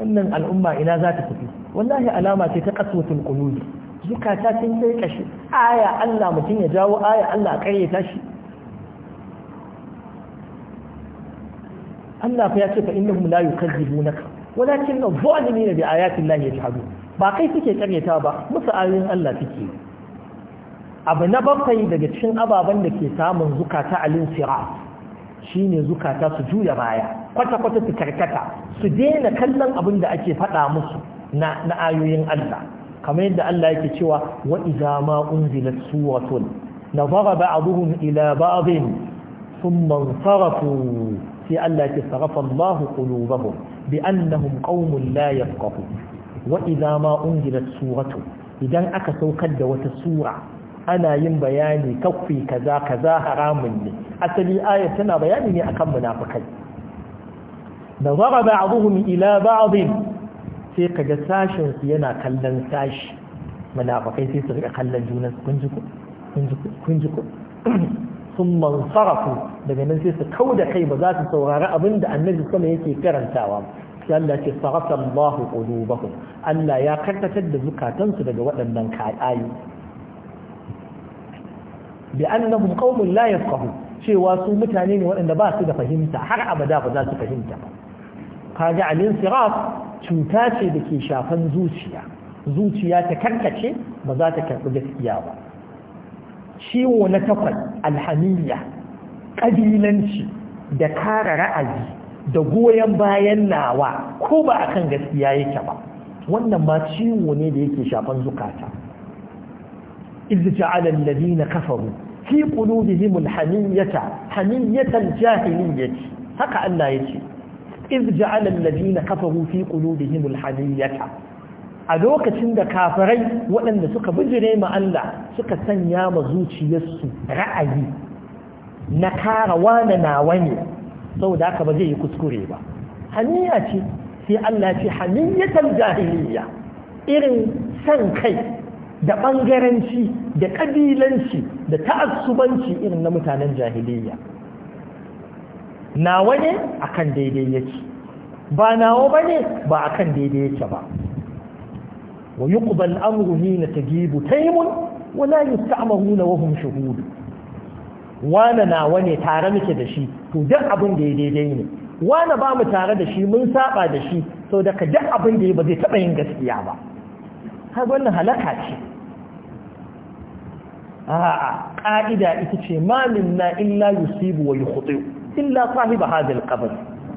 wannan al'umma ina za ta tafi wallahi alama ce ta kaswatul qulubi zukata sun kai ƙashi aya Allah mutum ya jawo aya Allah kare ta shi Allah fa ya ce fa innahum la yukazzibunaka walakin da dhalimin bi ayati llahi yajhadun ba kai suke karyata ba musu ayoyin Allah suke abu na bakwai daga cikin ababen da ke samun zukata al shi shine zukata su juya baya kwata kwata su karkata su daina kallon abin da ake faɗa musu na na ayoyin Allah kamar yadda Allah yake cewa wa idza ma unzilat suwatun nazara ba'dhum ila ba'dhin thumma sarafu sai Allah ya sarafa Allah qulubahum بأنهم قوم لا يفقهون وإذا ما idan aka saukar da wata sura ana yin bayani kafi kaza kaza haramun ne asali aya tana bayani ne akan munafikai nazara ba'dhum ila ba'd sai kaga sashin su yana kallon sashi munafikai sai su riga kallon junan kunjiku. sun mansarafu daga nan sai su kau da kai ba za su saurari abin da annabi sama yake karantawa sai Allah ce sarafa Allahu qulubahum Allah ya karkatar da zukatansu daga waɗannan kayayi bi annahum qaumun la yafqahu cewa su mutane ne waɗanda ba su da fahimta har abada ba za su fahimta kaga alin siraf cuta ce da ke shafan zuciya zuciya ta karkace ba za ta karɓi gaskiya ba ciwo na takwas alhamiyya ƙabilanci da kara ra'ayi da goyon bayan nawa ko ba a kan gaskiya yake ba wannan ma ciwo ne da yake shafan zukata iz ja'ala alladhina kafaru fi qulubihim alhamiyata hamiyatan jahiliyyati haka Allah yake iz ja'ala alladhina kafaru fi qulubihim alhamiyata a lokacin da kafirai waɗanda suka bijire ma Allah suka sanya ma zuciyarsu ra'ayi na kara wane nawa ne saboda haka ba zai yi kuskure ba haniya ce sai Allah ce haniyatan jahiliya irin san kai da ɓangaranci, da ƙabilanci, da ta'assubanci irin na mutanen jahiliya nawa ne akan daidai yake ba nawa bane ba akan daidai yake ba ويقضى الأمر حين تجيب تيم ولا يستعمرون وهم Wana nawa ne tare muke da shi to duk abin da ya daidai ne wana ba tare da shi mun saba da shi sau daga duk abin da ya ba zai taɓa yin gaskiya ba har wannan halaka ce a'a ƙa'ida ita ce malin na illa yusibu wa yukhti illa sahiba hadal qabr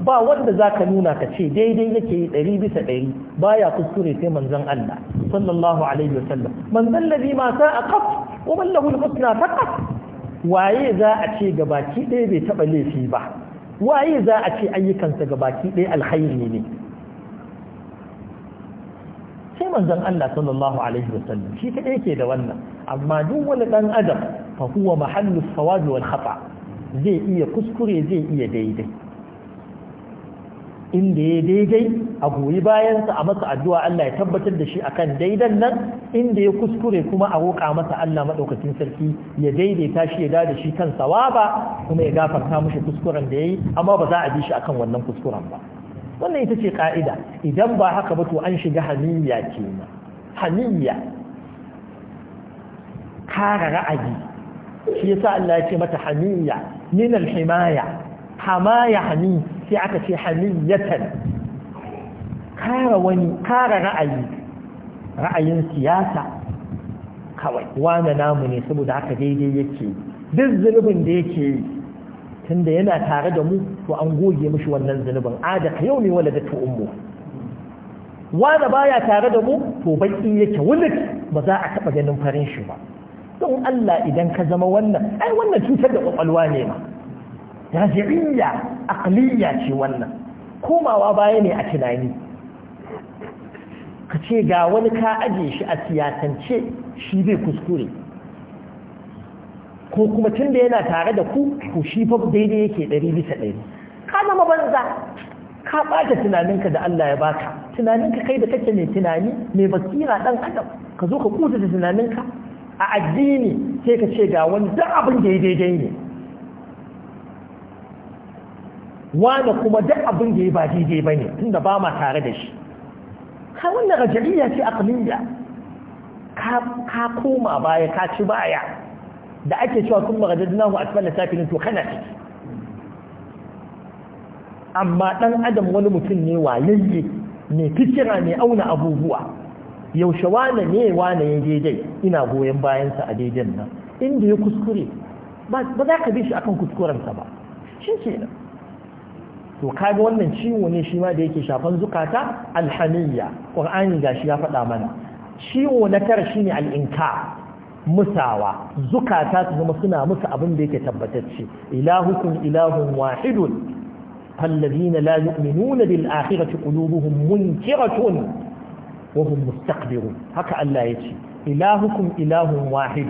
ba wanda za ka nuna ka ce daidai yake yi ɗari bisa ɗari ba ya kuskure sai manzan Allah sallallahu alaihi wasallam manzon ladhi ma sa aqaf wa man lahu na ta faqat waye za a ce gabaki ɗaya bai taɓa laifi ba waye za a ce ayyukansa gabaki ɗaya alkhairi ne sai manzan Allah sallallahu alaihi wasallam shi kaɗai ke da wannan amma duk wani ɗan adam fa huwa mahallu sawabi wal khata zai iya kuskure zai iya daidai inda ya daidai a goyi bayansa a masa addu'a Allah ya tabbatar da shi a kan daidan nan inda ya kuskure kuma a roƙa masa Allah maɗaukacin sarki ya daidaita shi ya dada shi kan sawa ba kuma ya gafarta mushi kuskuren da ya yi, amma ba za a bi shi a kan wannan kuskuren ba wannan ita ce ƙa'ida. idan ba haka ba to an shiga hamiyya kenan haniya ra'ayi shi yasa Allah ya ce mata hamiyya min himaya hamaya hami. sai aka ce hamiyatan kara wani kara ra'ayi ra'ayin siyasa kawai wane namu ne saboda haka daidai yake duk zunubin da yake yi tunda yana tare da mu to an goge mishi wannan zunubin adaka yau ne wala da ta ummu wane baya tare da mu to baki yake wulik ba za a taɓa ganin farin shi ba don Allah idan ka zama wannan ai wannan cutar da kwakwalwa ne ma raji'iyya aqliyya ce wannan komawa baya ne a tunani ka ce ga wani ka aje shi a siyasance shi bai kuskure ko kuma tun da yana tare da ku ku shi fa daidai yake ɗari ɗari ka zama banza ka ɓata tunaninka da Allah ya baka tunaninka kai da kake mai tunani mai basira ɗan adam ka zo ka kuta da tunaninka a addini sai ka ce ga wani duk abin da ya daidai ne wane kuma duk abin da ya ba daidai ba ne da ba ma tare da shi ka wannan rajaliya ce a aqliya ka koma baya ka ci baya da ake cewa kun a asfala safilin to kana ce amma dan adam wani mutum ne wayayye mai fikira mai auna abubuwa yaushe wane ne wane ya daidai ina goyon bayansa a daidai nan inda ya kuskure ba za ka bi shi akan kuskurensa ba shi kenan to kaga wannan ciwo ne shi ma da yake shafan zukata alhamiyya qur'ani gashi ya faɗa mana ciwo na tara shine al musawa zukata su zama suna musu abin da yake tabbatacce ilahukum ilahun wahidun alladhina la yu'minuna bil akhirati qulubuhum munkiratun wa hum mustakbirun haka Allah yace ilahukum ilahun wahid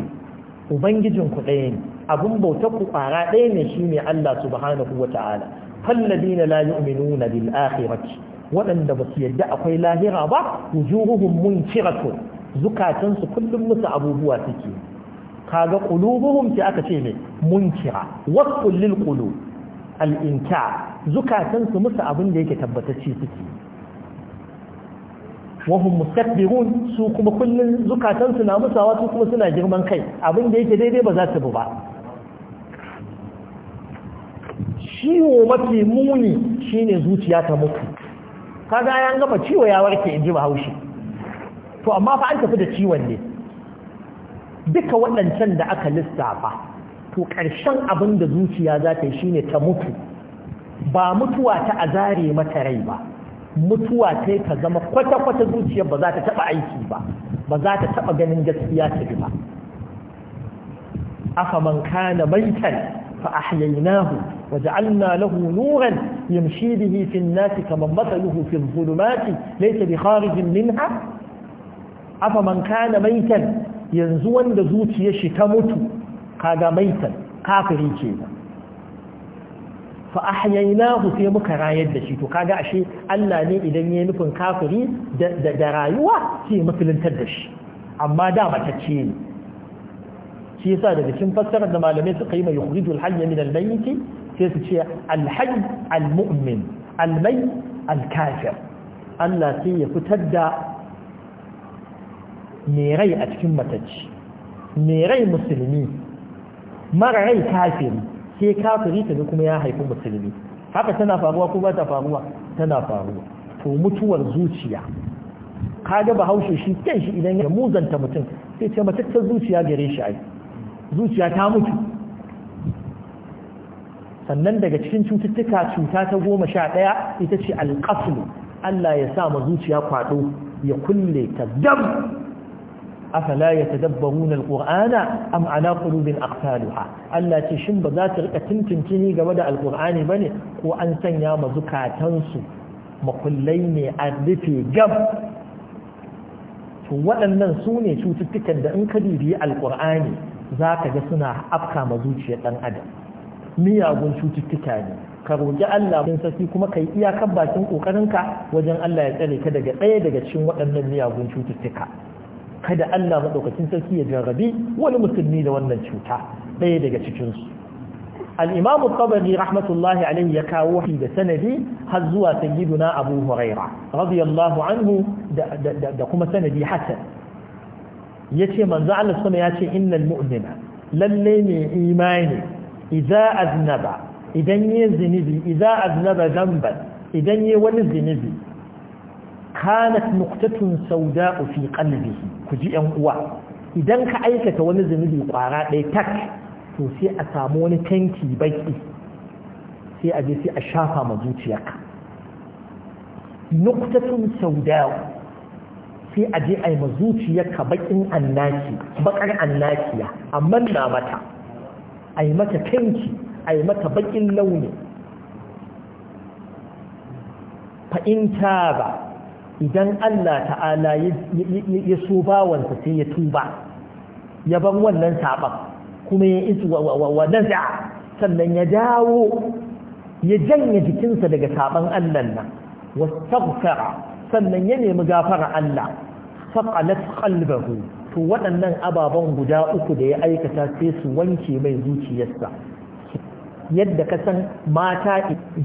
ubangijin ku ɗaya ne abin bautar ku ƙara ɗaya ne shine Allah subhanahu wata'ala na فالذين لا يؤمنون بالآخرة waɗanda ba su yadda akwai lahira ba wujuhuhum munkiratun zukatan su kullum musu abubuwa suke kaga qulubuhum ce aka ce ne munkira wasful lil qulub al inkar zukatan su musu abin da yake tabbatacce suke wa hum su kuma kullum zukatan su na musawa su kuma suna girman kai abin da yake daidai ba za su bi ba ciwo mafi muni shine zuciya ta mutu kaga ya gaba ciwo ya warke in ji bahaushe to amma fa an tafi da ciwon ne duka waɗancan da aka lissafa to ƙarshen abin da zuciya za ta yi shine ta mutu ba mutuwa ta a zare mata rai ba mutuwa ta ta zama kwata-kwata zuciyar ba za ta taɓa aiki ba ba za ta taɓa ganin gaskiya ta bi ba afa man kana فأحييناه وجعلنا له نورا يمشي به في الناس كمن مثله في الظلمات ليس بخارج منها أفمن كان ميتا ينزوا لزوت يشتمت كاغا ميتا كافري كينا فأحييناه في مكراية دشيتو كاغا أشي ألا ني إذن ينفن كافري درايوة في مثل تدش أما دامة تشيني shi yasa daga cikin fassarar da malamai suka yi mai yukhrijul hayya min al-mayyit sai su ce al-hayy al-mu'min al al-kafir Allah sai ya fitar da mai rai a cikin matacci mai rai musulmi mara rai kafiri sai kafiri ta kuma ya haifi musulmi haka tana faruwa ko ba ta faruwa tana faruwa to mutuwar zuciya kaga bahaushe shi kanshi idan ya muzanta mutum sai ce matattar zuciya gare shi ai zuciya ta mutu sannan daga cikin cututtuka cuta ta goma sha ɗaya ita ce alƙaslu Allah ya sa ma zuciya kwaɗo ya kulle ta dam Asala ya tadabbarun alqur'ana am ala qulubin aqtaluha Allah ce shin ba za ta riƙa tuntuntuni game da ba ne ko an sanya ma zukatansu makullai ne a rufe gab Tun waɗannan su ne cututtukan da in ka bibiyi Alƙur'ani. za ka ga suna afka ma zuciyar ɗan adam miyagun cututtuka ne ka roƙi Allah mun saki kuma kai iyakar bakin ƙoƙarinka wajen Allah ya tsare ka daga ɗaya daga cikin waɗannan miyagun cututtuka kada Allah maɗaukacin sarki ya jarrabi wani musulmi da wannan cuta ɗaya daga cikinsu الإمام الطبري رحمة الله عليه يكاوحي بسندي هزوا سيدنا أبو هريرة رضي الله عنه kuma سندي حسن yace manzo Allah sama yace innal mu'mina lalle ne imani idza aznaba idan ya zinibi idza aznaba zamban idan ya wani zinubi kanat nuqtatun sawda'u fi qalbihi ji yan uwa idan ka aikata wani zinibi kwara ɗaya tak to sai a samu wani tanki baki sai a je sai a shafa ma zuciyarka nuqtatun sawda'u sai a je a yi ka bakin annaki bakar annakiya amma na mata a yi mata kanki a yi mata bakin launi fa'in ba idan Allah ta'ala ya so bawansa sai ya tuba ya ban wannan saɓan kuma ya isu wa naza sannan ya dawo ya janye jikinsa daga saɓan Allah nan wasu sannan ya nemi gafara Allah faqalat qalbahu to waɗannan ababen guda uku da ya aikata sai su wanke mai zuciyarsa yadda ka san mata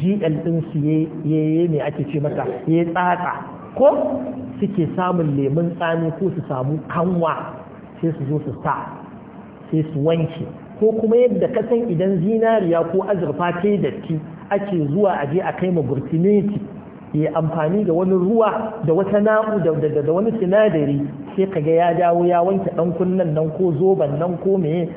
GL din su yayi ne ake ce mata yi tsatsa ko suke samun lemun tsami ko su samu kanwa sai su zo su sa sai su wanke ko kuma yadda ka san idan zinariya ko azurfa ta datti ake zuwa aje a kai ma burtineti ya amfani da wani ruwa da wata na'u da wani sinadari sai kaga ya dawo ya wanke dan kunnen nan ko zoban nan ko me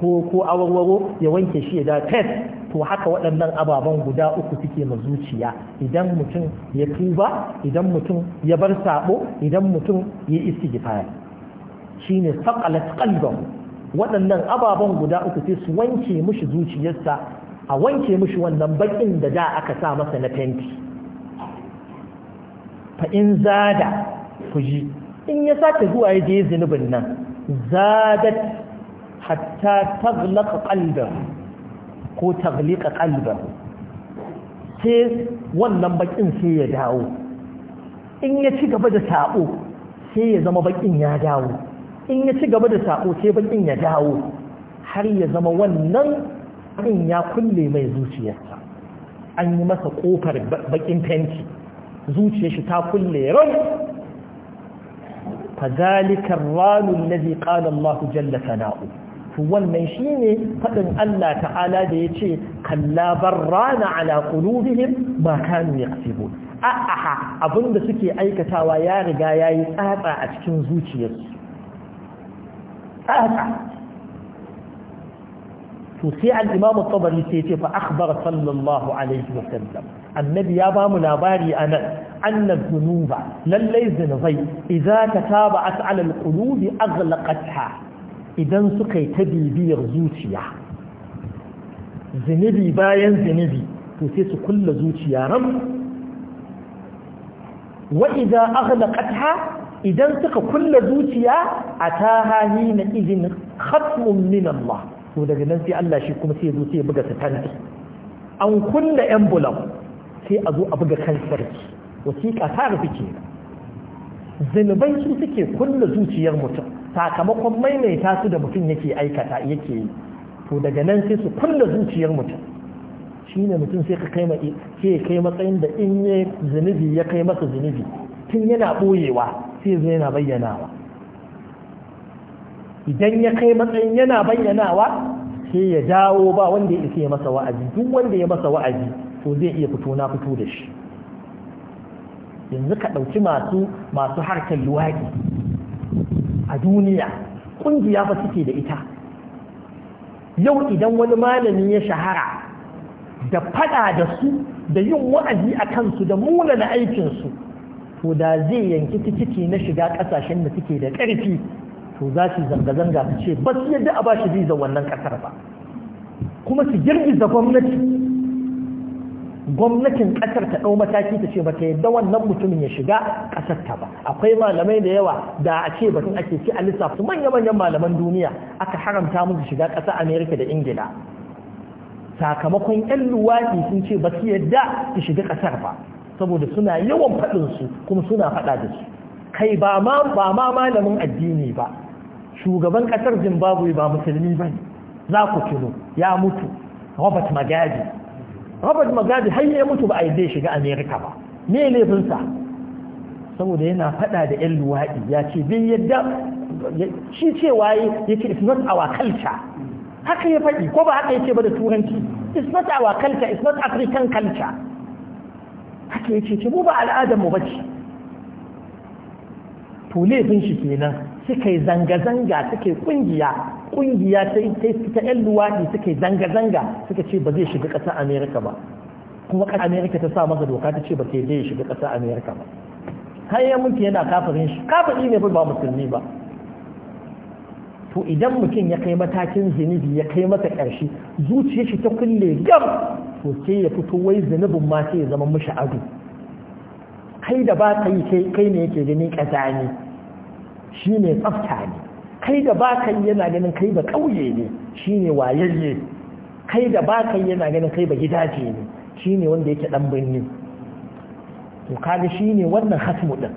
ko ko awarwaro ya wanke shi da test to haka waɗannan ababen guda uku suke ma zuciya idan mutum ya tuba idan mutum ya bar sabo idan mutum ya istighfar shine saqalat qalbahu waɗannan ababen guda uku sai su wanke mishi zuciyarsa a wanke mishi wannan bakin da da aka sa masa na fenti fa in zada ku ji in ya sake zuwa ya je zinubin nan zadat hatta taglaqa qalbahu ko tagliqa qalbahu sai wannan bakin sai ya dawo in ya ci gaba da sabo sai ya zama bakin ya dawo in ya ci gaba da sabo sai bakin ya dawo har ya zama wannan in ya kulle mai zuciyarsa an yi masa kofar bakin fenti zuciyar shi ta kulle ran fadhalika ranun ralu alladhi qala jalla sana'u to wannan shine faɗin Allah ta'ala da yace kalla barrana ala qulubihim ma kanu yaqsibun a'a abinda suke aikatawa ya riga ya yi tsatsa a cikin zuciyarsu tsatsa to sai al-imam at-tabari sai ce fa akbar sallallahu alaihi wa sallam annabi ya bamu labari a nan annan zunuba lallai zunubai idza tataba'at 'ala al ƙulubi aghlaqatha idan suka yi ta bibiyar zuciya zunubi bayan zunubi to sai su kulla zuciya ram wa idza aghlaqatha idan suka kulla zuciya a ta ataha hina idin khatmun min Allah to daga nan sai Allah shi kuma sai ya zo sai ya buga ta tanti an kulla envelope sai a zo a buga kan sarki wasiƙa ta rufe ke zunubai su suke kulle zuciyar mutum sakamakon maimaita su da mutum yake aikata yake yi to daga nan sai su kulle zuciyar mutum Shi ne mutum sai ka kai ke kai matsayin da in ya zunubi ya kai masa zunubi tun yana boyewa sai zai yana bayyanawa idan ya kai matsayin yana bayyanawa sai ya dawo ba wanda ya isa ya masa wa'azi duk wanda ya masa wa'azi to zai iya fito na fito da shi yanzu ka ɗauki masu masu harkar luwaki a duniya ƙungiya fa suke da ita yau idan wani malami ya shahara da faɗa da su da yin wa'azi a kansu da munana aikinsu to da zai yanki tikiti na shiga ƙasashen da suke da ƙarfi to za su zanga-zanga su ce ba su yadda a ba shi bizar wannan ƙasar ba kuma su girgiza gwamnati gwamnatin ƙasar ta ɗau mataki ta ce ba ta yadda wannan mutumin ya shiga ƙasar ta ba akwai malamai da yawa da a ce batun ake ci a lissafi manya-manyan malaman duniya aka haramta musu shiga ƙasa amerika da ingila sakamakon 'yan luwaɗi sun ce ba su yadda su shiga ƙasar ba saboda suna yawan faɗinsu kuma suna faɗa da su kai ba ma malamin addini ba shugaban ƙasar zimbabwe ba musulmi ba ne za ku tuno ya mutu robert magaji Robert Mugabe har ya mutu ba a yadda shiga Amerika ba me laifinsa saboda yana fada da yan luwaɗi ya ce bai yadda shi cewa ya ce it's not our culture haka ya faɗi ko ba haka ya ce ba da turanci it's not our culture it's not African culture haka ya ce mu ba al'adar mu ce. to laifin shi kenan suka yi zanga-zanga suka yi kungiya kungiya ta yan luwaɗi suka yi zanga-zanga suka ce ba zai shiga ƙasar amerika ba kuma ƙasar amerika ta sa masa doka ta ce ba ke zai shiga ƙasar amerika ba har ya mutu yana kafirin shi kafiri ne ba musulmi ba to idan mutum ya kai matakin zunubi ya kai masa ƙarshe zuciyar shi ta kulle gam to sai ya fito wai zunubin ma sai ya zama mishi ado kai da ba ka kai ne yake ganin ƙasa ne shi ne tsafta ne kai da bakan yana ganin kai ba ƙauye ne shi ne wayayye kai da bakan yana ganin kai ba gida ce ne shi ne wanda yake ɗan birni to kaga shi ne wannan hasmu ɗin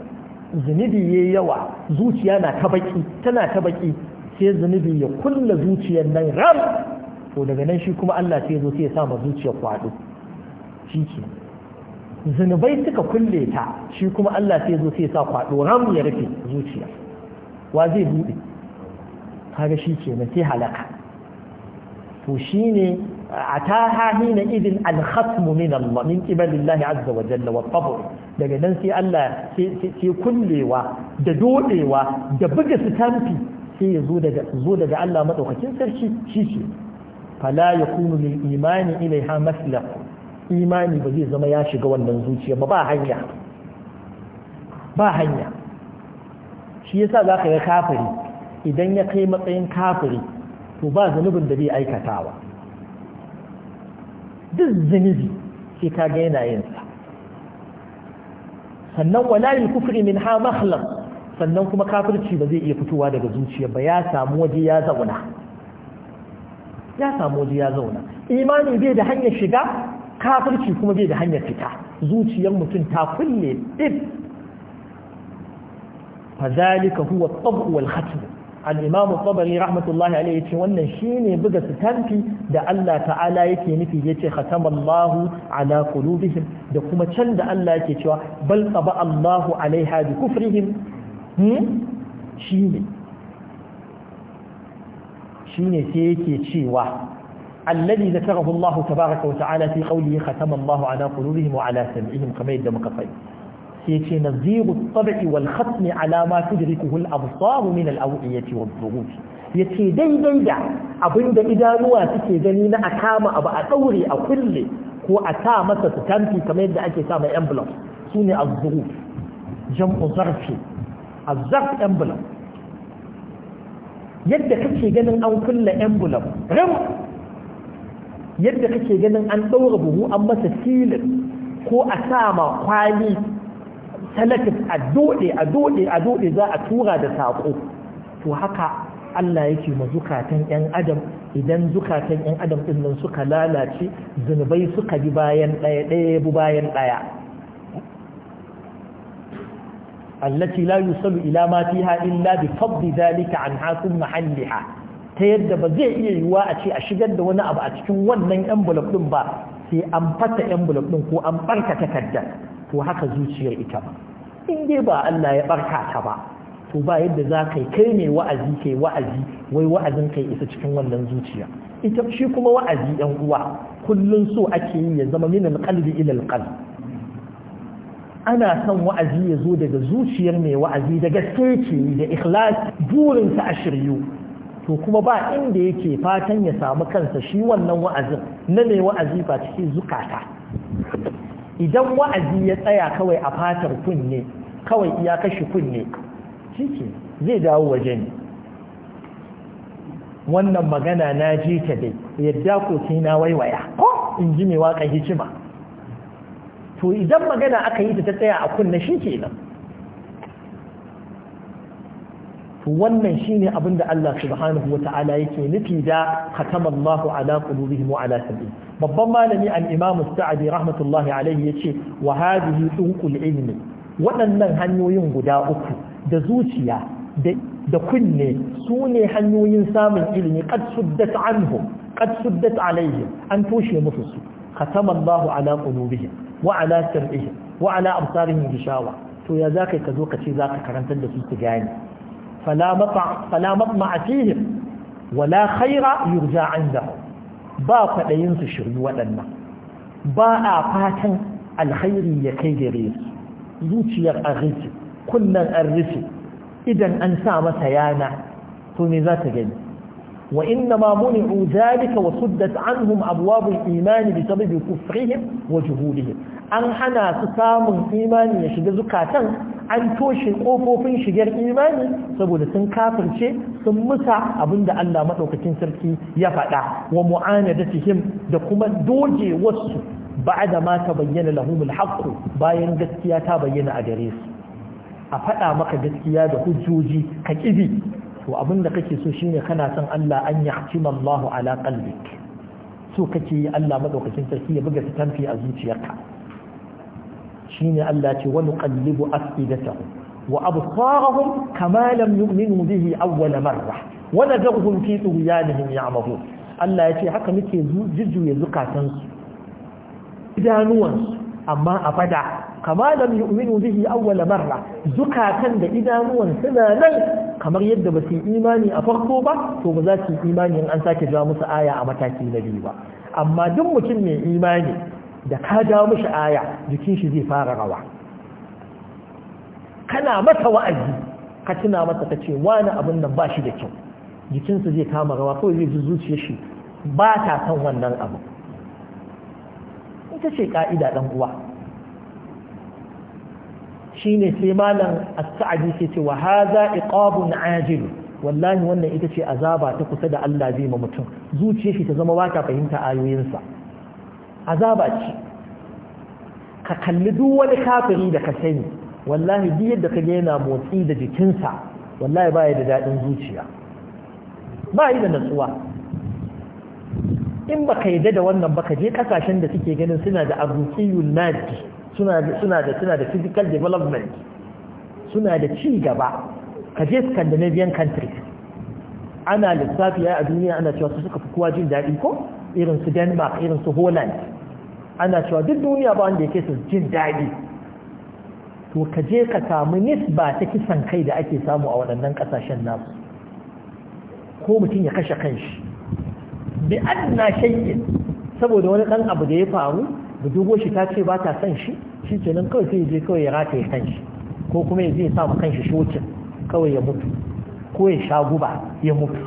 zunubi ya yawa zuciya na ta baki tana ta baki sai zunubi ya kulla zuciyar nan ram to daga nan shi kuma Allah sai zo sai ya sa ma zuciya kwado shi ke zunubai suka kulle ta shi kuma Allah sai zo sai ya sa kwado ram ya rufe zuciya wa zai buɗe kaga shi ke na sai halaka to shi ne a ta hahi na idin alhasmu min Allah min azza wa jalla wa tabu daga nan sai Allah sai kullewa da dodewa da buga sitamfi sai ya zo daga Allah maɗaukacin sarki shi ce fala kunu lil imani ha maslaq imani ba zai zama ya shiga wannan zuciya ba ba hanya ba hanya shi yasa za ka ga kafiri idan ya kai matsayin kafiri to ba zanubin da bai aikatawa duk zanubi sai ka ga yana yin sa sannan walayil kufri min ha makhlam sannan kuma kafirci ba zai iya fitowa daga zuciya ba ya samu waje ya zauna ya samu waje ya zauna imani bai da hanyar shiga kafirci kuma bai da hanyar fita zuciyar mutum ta kulle ɗin فذلك هو الطبع والختم الإمام الطبري رحمة الله عليه wannan shine buga sitanti da Allah ta'ala yake nufi yace khatamallahu ala qulubihim da kuma can da Allah yake cewa bal taba Allahu alaiha bi kufrihim hmm shine shine sai yake cewa alladhi zakarahu ta tabaaraka wa ta'ala fi qawlihi khatamallahu ala qulubihim wa ala sam'ihim yadda muka faɗi yace naziru tabi wal khatm ala ma tudrikuhu al absar min al awiyati wad dhuruj yace daidai da abinda idanuwa suke gani na a kama abu a daure a kulle ko a sa masa tanti kamar yadda ake sa mai envelope sune az-zuruf jam'u zarfi az-zarf envelope yadda kake ganin an kulle envelope ram yadda kake ganin an daura buhu an masa filin ko a sa ma kwali salatin a doɗe a doɗe a doɗe za a tura da saƙo to haka Allah yake ma zukatan 'yan adam idan zukatan 'yan adam ɗin nan suka lalace zunubai suka bi bayan ɗaya ɗaya bu bayan ɗaya allati la yusallu ila ma fiha illa bi fadli zalika anha thumma halliha ta yadda ba zai iya yiwuwa a ce a shigar da wani abu a cikin wannan envelope din ba sai an fata envelope din ko an barka takarda to haka zuciyar ita ba in dai ba Allah ya barka ta ba to ba yadda za ka kai ne wa'azi kai wa'azi wai wa'azin kai isa cikin wannan zuciya ita shi kuma wa'azi yan uwa kullun so ake yi ya zama min qalbi ila al ana son wa'azi ya zo daga zuciyar mai wa'azi da gaske da ikhlas burinsa a shiryu to kuma ba inda yake fatan ya samu kansa shi wannan wa'azin na mai wa'azi ba cikin zukata idan wa'azi ya tsaya kawai a fatar kunne kawai ya kashi kunne shi zai dawo waje ne wannan magana na ji ta dai yadda ko na waiwaya ko in ji mai waƙa hikima to idan magana aka yi ta ta tsaya a kunne shi kenan wannan shine abin da Allah subhanahu wa ta'ala yake nufi da khatama Allahu ala qulubihim wa ala babban malami al-Imam Sa'di rahmatullahi alayhi yace wa hadhihi tunqul ilmi waɗannan hanyoyin guda uku da zuciya da kunne su ne hanyoyin samun ilimi qad suddat anhum qad suddat alayhim an toshe musu su khatama Allahu ala qulubihim wa ala sam'ihim wa ala absarihim gishawa to ya ka zo ka ce zaka karantar da su su gane fala matma wala khaira yurja andahu ba kwaɗayin su shiryu waɗannan ba a fatan alkhairi ya kai gare su zuciyar an rufe kunnen an rufe idan an sa masa yana to me za ta gani Wa in nama muni odarika wa sudan anhum abubuwan imanin da zan rubi kufurin waje huɗu An hana su samun imanin ya shiga zukatan? An toshe kofofin shigar imani Saboda sun kafince sun musa abinda Allah maɗaukacin sarki ya faɗa. Wa mu'amala ta da kuma doge wasu ba'adama ta bayyana lahumul haƙƙo bayan gaskiya ta bayyana a gare su. A faɗa maka gaskiya da hujjoji ka ƙibi. to abin da kake so shine kana son Allah an yahtima Allah ala qalbik so kake yi Allah madaukakin sarki ya buga tamfi a zuciyarka shine Allah ce wa nuqallibu afidatahu wa absarahum kama lam yu'minu bihi awwal marra wa nadhurhum fi tughyanihim ya'mahun Allah ya ce haka muke jujjuya zukatansu idanuwansu amma a fada kama da yu'minu bihi awwala marra zukatan da idanuwan suna nan kamar yadda ba su imani a farko ba to ba za su yi imani in an sake ja musu aya a mataki na biyu ba amma duk mutum mai imani da ka ja mishi aya jikin shi zai fara rawa kana masa wa'azi ka tuna masa ka ce wani abin nan ba shi da kyau jikinsa zai kama rawa kawai zai ji zuciyar shi ba ta san wannan abu ita ce ka'ida ɗan uwa Shi ne sai malam as-sa'di cewa ce wa iqabun ajil wallahi wannan ita ce azaba ta kusa da Allah zai ma mutum zuciyar shi ta zama ba ta fahimta ayoyinsa azaba ce ka kalli duk wani kafiri da ka sani wallahi duk yadda ka yana motsi da jikinsa wallahi baya da dadin zuciya ba yi da natsuwa in ba yadda da wannan ba ka je kasashen da suke ganin suna da abuki nadi suna da suna da suna da physical development suna da ci gaba ka je Scandinavian countries ana lissafi a duniya ana cewa su suka fi kowa jin daɗi ko irin su Denmark irin su Holland ana cewa duk duniya ba wanda yake su jin daɗi to ka je ka samu nisba ta kisan kai da ake samu a waɗannan ƙasashen nasu ko mutum ya kashe kanshi bi adna shay'in saboda wani ɗan abu da ya faru budurwar shi ta ce ba ta son shi shi kenan kawai sai je kawai ya rataye kan shi ko kuma ya je ya samu kan shi shocin kawai ya mutu ko ya sha guba ya mutu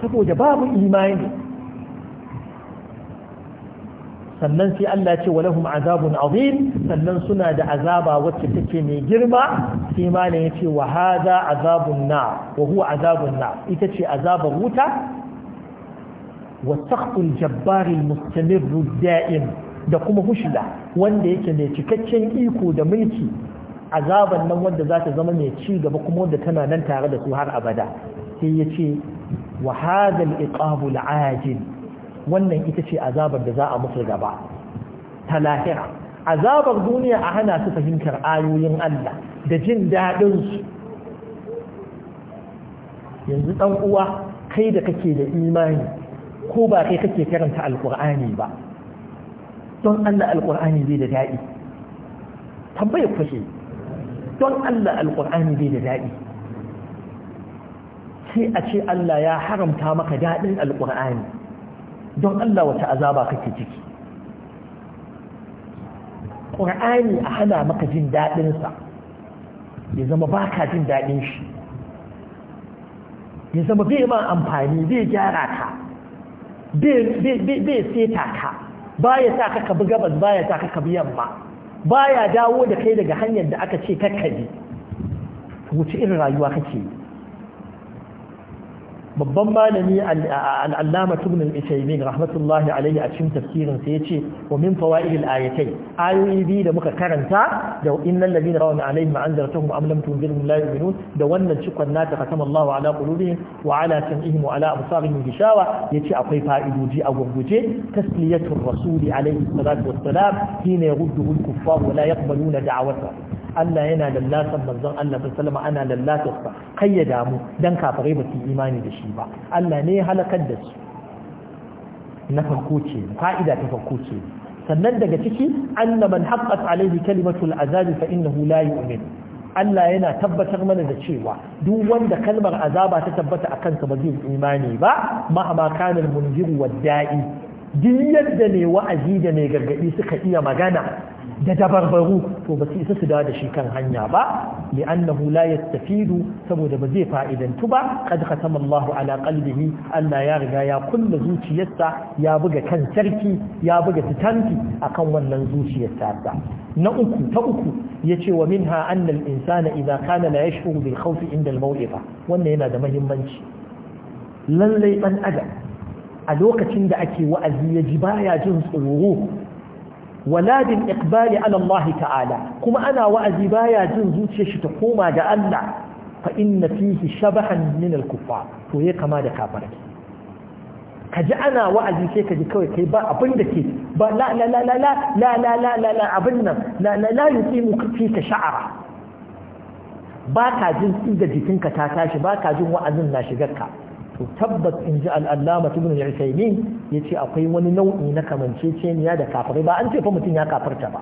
saboda babu imani sannan sai Allah ce wa lahum azabun azim sannan suna da azaba wacce take mai girma sai malam ya ce wa hadha azabun na wa huwa azabun na ita ce azabar wuta والسخط الجبار المستمر الدائم da kuma Hushla wanda yake mai cikakken iko da mulki azaban nan wanda za ta zama mai ci gaba kuma wanda tana nan tare da su har abada sai ya ce wa hadal wannan ita ce azabar da za a musu gaba ta lahira azabar duniya a hana su fahimtar ayoyin Allah da jin daɗin su yanzu dan uwa kai da kake da imani ko ba kai kake karanta alkur'ani ba don Allah alkur'ani bai da daɗi tambayar kwashe don Allah alkur'ani bai da daɗi sai a ce Allah ya haramta maka daɗin alkur'ani don Allah wata azaba kake ciki ƙur'ani a hana maka jin daɗinsa ya zama baka jin daɗin shi ya zama bai ma amfani zai gyara ka bai seta ka ya sa ka kabi gabas ya sa ka kabi yamma ba ya dawo da kai daga hanyar da aka ce kakkabi wuce irin rayuwa kake yi babban malami al'allama tubin al'ishaimin rahmatullahi alaihi a cikin tafsirin sai ya ce wa min fawa'il ayatai ayoyi biyu da muka karanta da innal ladina rawana rawan an zartahum am lam tunzirhum la da wannan cikon na ta katama Allahu ala qulubihim wa ala sam'ihim wa ala absarihim gishawa ce akwai fa'idoji a gurguje tasliyatur rasuli alaihi salatu wassalam hina yaruddu al-kuffar wa la yaqbaluna da'awatahu Allah yana lallatan manzon Allah sallama ana lallatarsa kai ya damu dan kafirai ba su imani da shi ba Allah ne ya halakar da su na farko ce fa'ida ta farko ce sannan daga ciki anna man haqqat alaihi kalimatul azabi fa innahu la yu'min Allah yana tabbatar mana da cewa duk wanda kalmar azaba ta tabbata a sa ba zai imani ba mahama kana munjiru wad-da'i duk yadda mai wa'azi da mai gargaɗi suka iya magana da dabarbaru to ba su isa su dawo da shi kan hanya ba li annahu la yastafidu saboda ba zai fa'idantu ba kad khatama Allahu ala qalbihi Allah ya riga ya kulla zuciyarsa ya buga kan sarki ya buga titanti akan wannan zuciyarsa ta na uku ta uku yace wa minha anna al insana idha kana la yashuru bil khawfi inda al maw'iza wannan yana da muhimmanci lallai dan adam a lokacin da ake wa'azi ya ji baya jin tsoro waladin ikbali alallahi ta'ala kuma ana wa'azi baya jin zuciyar shi ta koma ga Allah fa inna fihi shabahan min al kufa, to ya kama da Ka ji ana wa'azi sai ji kawai kai ba abin da ke ba la la la la la la la la la abin nan la la la yuqimu fi ka sha'ara ba ka jin jikinka ta tashi ba ka jin wa'azin na shigar ka to tabbas in ji al'allama ibn al ya ce akwai wani nau'i na kamanceceniya da kafirai ba an ce fa mutum ya kafirta ba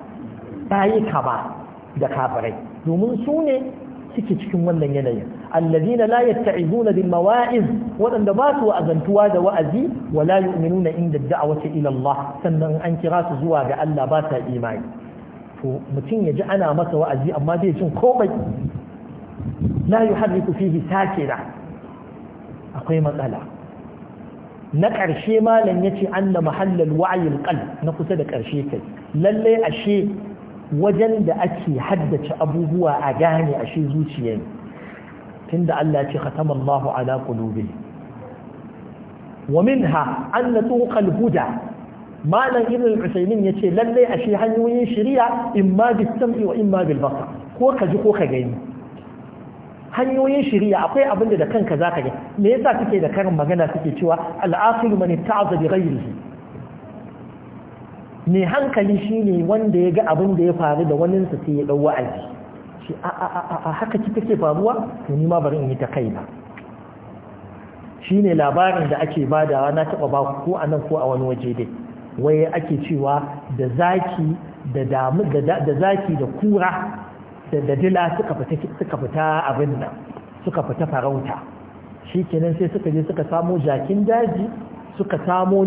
Ba yi kama da kafirai domin su ne suke cikin wannan yanayin allazina la yatta'izuna bil mawa'iz waɗanda ba su wa'azantuwa da wa'azi wala yu'minuna inda da'awati ila Allah sannan an kira su zuwa ga Allah ba ta imani to mutum ji ana masa wa'azi amma bai jin komai la yuharriku fihi sakina akwai matsala na ƙarshe malam ya ce an na mahallal wa'ayin ƙal na kusa da ƙarshe kai lalle ashe wajen da ake haddace abubuwa a gane ashe zuciya ne da Allah ce mahu ala qulubi wa ha an tuqal huda malam irin al ya ce lalle ashe hanyoyin in imma bi sam'i wa imma bil basar ko ka ji ko ka gani hanyoyin shari'a akwai abin da kanka zaka ga me yasa suke da karin magana suke cewa al'aqilu man ta'azza bi ghayrihi ne hankali shine wanda ya ga abin da ya faru da wani sa sai ya dau wa'azi shi a a a haka kike faruwa to ni ma bari in yi ta kai ba shine labarin da ake badawa na taba ba ku a nan ko a wani waje dai waye ake cewa da zaki da damu da zaki da kura da dadila suka fita suka fita abin nan suka fita farauta shikenan sai suka je suka samu jakin daji suka samu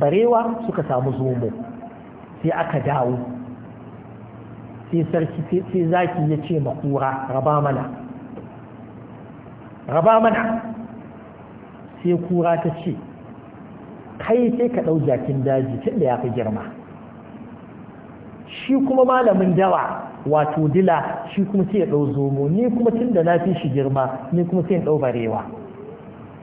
barewa suka samu zomo sai aka dawo sai sarki sai zaki ya ce makura raba mana raba mana sai kura ta ce kai sai ka ɗau jakin daji tun da ya fi girma shi kuma malamin dawa wato dila shi kuma sai ya ɗau zomo ni kuma tun da na fi shi girma ni kuma sai in ɗau barewa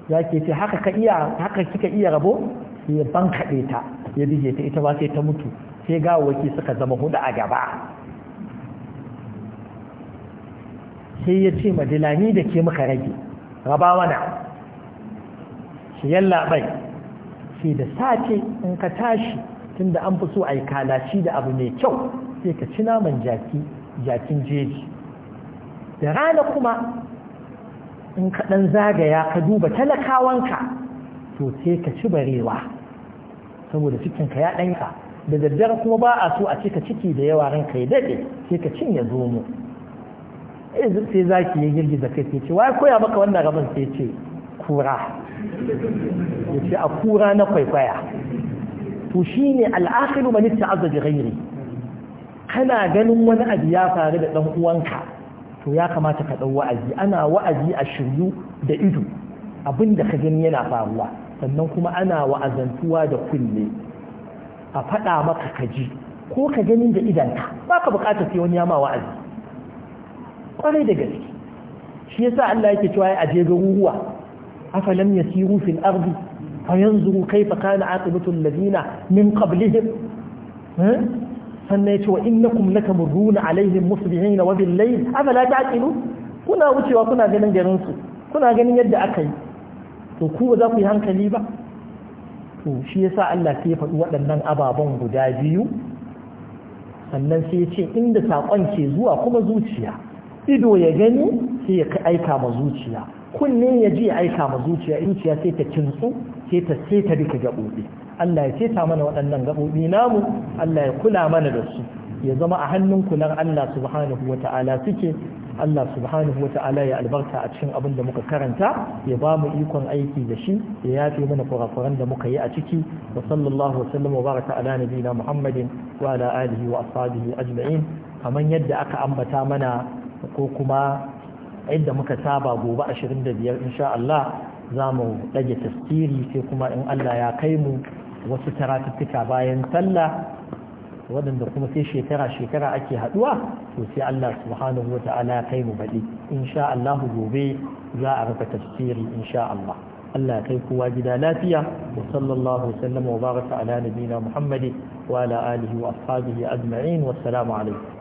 ya ce haka ka iya haka kika iya rabo sai ya bankaɗe ta ya bige ta ita ba sai ta mutu sai gawawaki suka zama hudu a gaba sai ya ce ma dila ni da ke muka rage raba wana shi yalla bai sai da sace in ka tashi tunda an fi so a yi kalashi da abu mai kyau sai ka ci naman jaki jakin jeji da rana kuma in kaɗan zagaya ka duba talakawanka to sai ka ci barewa saboda cikinka ya ɗanka da daddare kuma ba a so a cika ciki da yawa ka yi daɗe sai ka cin cinye zomo yanzu sai zaki ya girgiza kai sai ce wai koya maka wannan rabin sai ce kura ya ce a kura na kwaikwaya to shine ne man ta'azza bi kana ganin wani abu ya faru da ɗan uwanka to ya kamata ka dau wa'azi ana wa'azi a shiryu da ido abinda ka gani yana faruwa sannan kuma ana wa'azantuwa da kulle. a faɗa maka ka ji ko ka gani da idanka ba ka bukatar sai wani yama wa'azi kwarai da gaske shi yasa Allah yake cewa ya aje garuruwa afalam yasiru fil ardi فينظر كيف كان عاقبة الذين من قبلهم sannan ya ce wa innakum latamurruna alaihim musbihina wa billayl afala taqilu kuna wucewa kuna ganin garin su kuna ganin yadda aka yi to ku ba za ku yi hankali ba to shi yasa Allah sai ya faɗi waɗannan ababen guda biyu sannan sai ya ce inda saƙon ke zuwa kuma zuciya ido ya gani sai ya aika ma zuciya kunne ya ji ya aika ma zuciya zuciya sai ta kintsu sai ta duka gaɓoɓi Allah ya seta mana waɗannan gaɓoɓi namu Allah ya kula mana da su ya zama a hannun kular Allah subhanahu wa ta'ala suke Allah subhanahu wa ta'ala ya albarta a cikin abin da muka karanta ya ba mu ikon aiki da shi ya yafe mana kurakuran da muka yi a ciki wa sallallahu wa sallam wa baraka ala nabiyina Muhammadin wa ala alihi wa ashabihi ajma'in kamar yadda aka ambata mana ko kuma yadda muka saba gobe 25 insha Allah za mu ɗage tasiri sai kuma in Allah ya kai mu wasu taratuttuka bayan sallah waɗanda kuma sai shekara-shekara ake haɗuwa to sai Allah subhanahu wa ta'ala ya kai mu baɗi insha Allah gobe za a rufe tafsiri insha Allah Allah ya kai kowa gida lafiya wa sallallahu wa sallama wa baraka ala nabi'na Muhammad wa ala alihi wa ashabihi ajma'in wa assalamu alaikum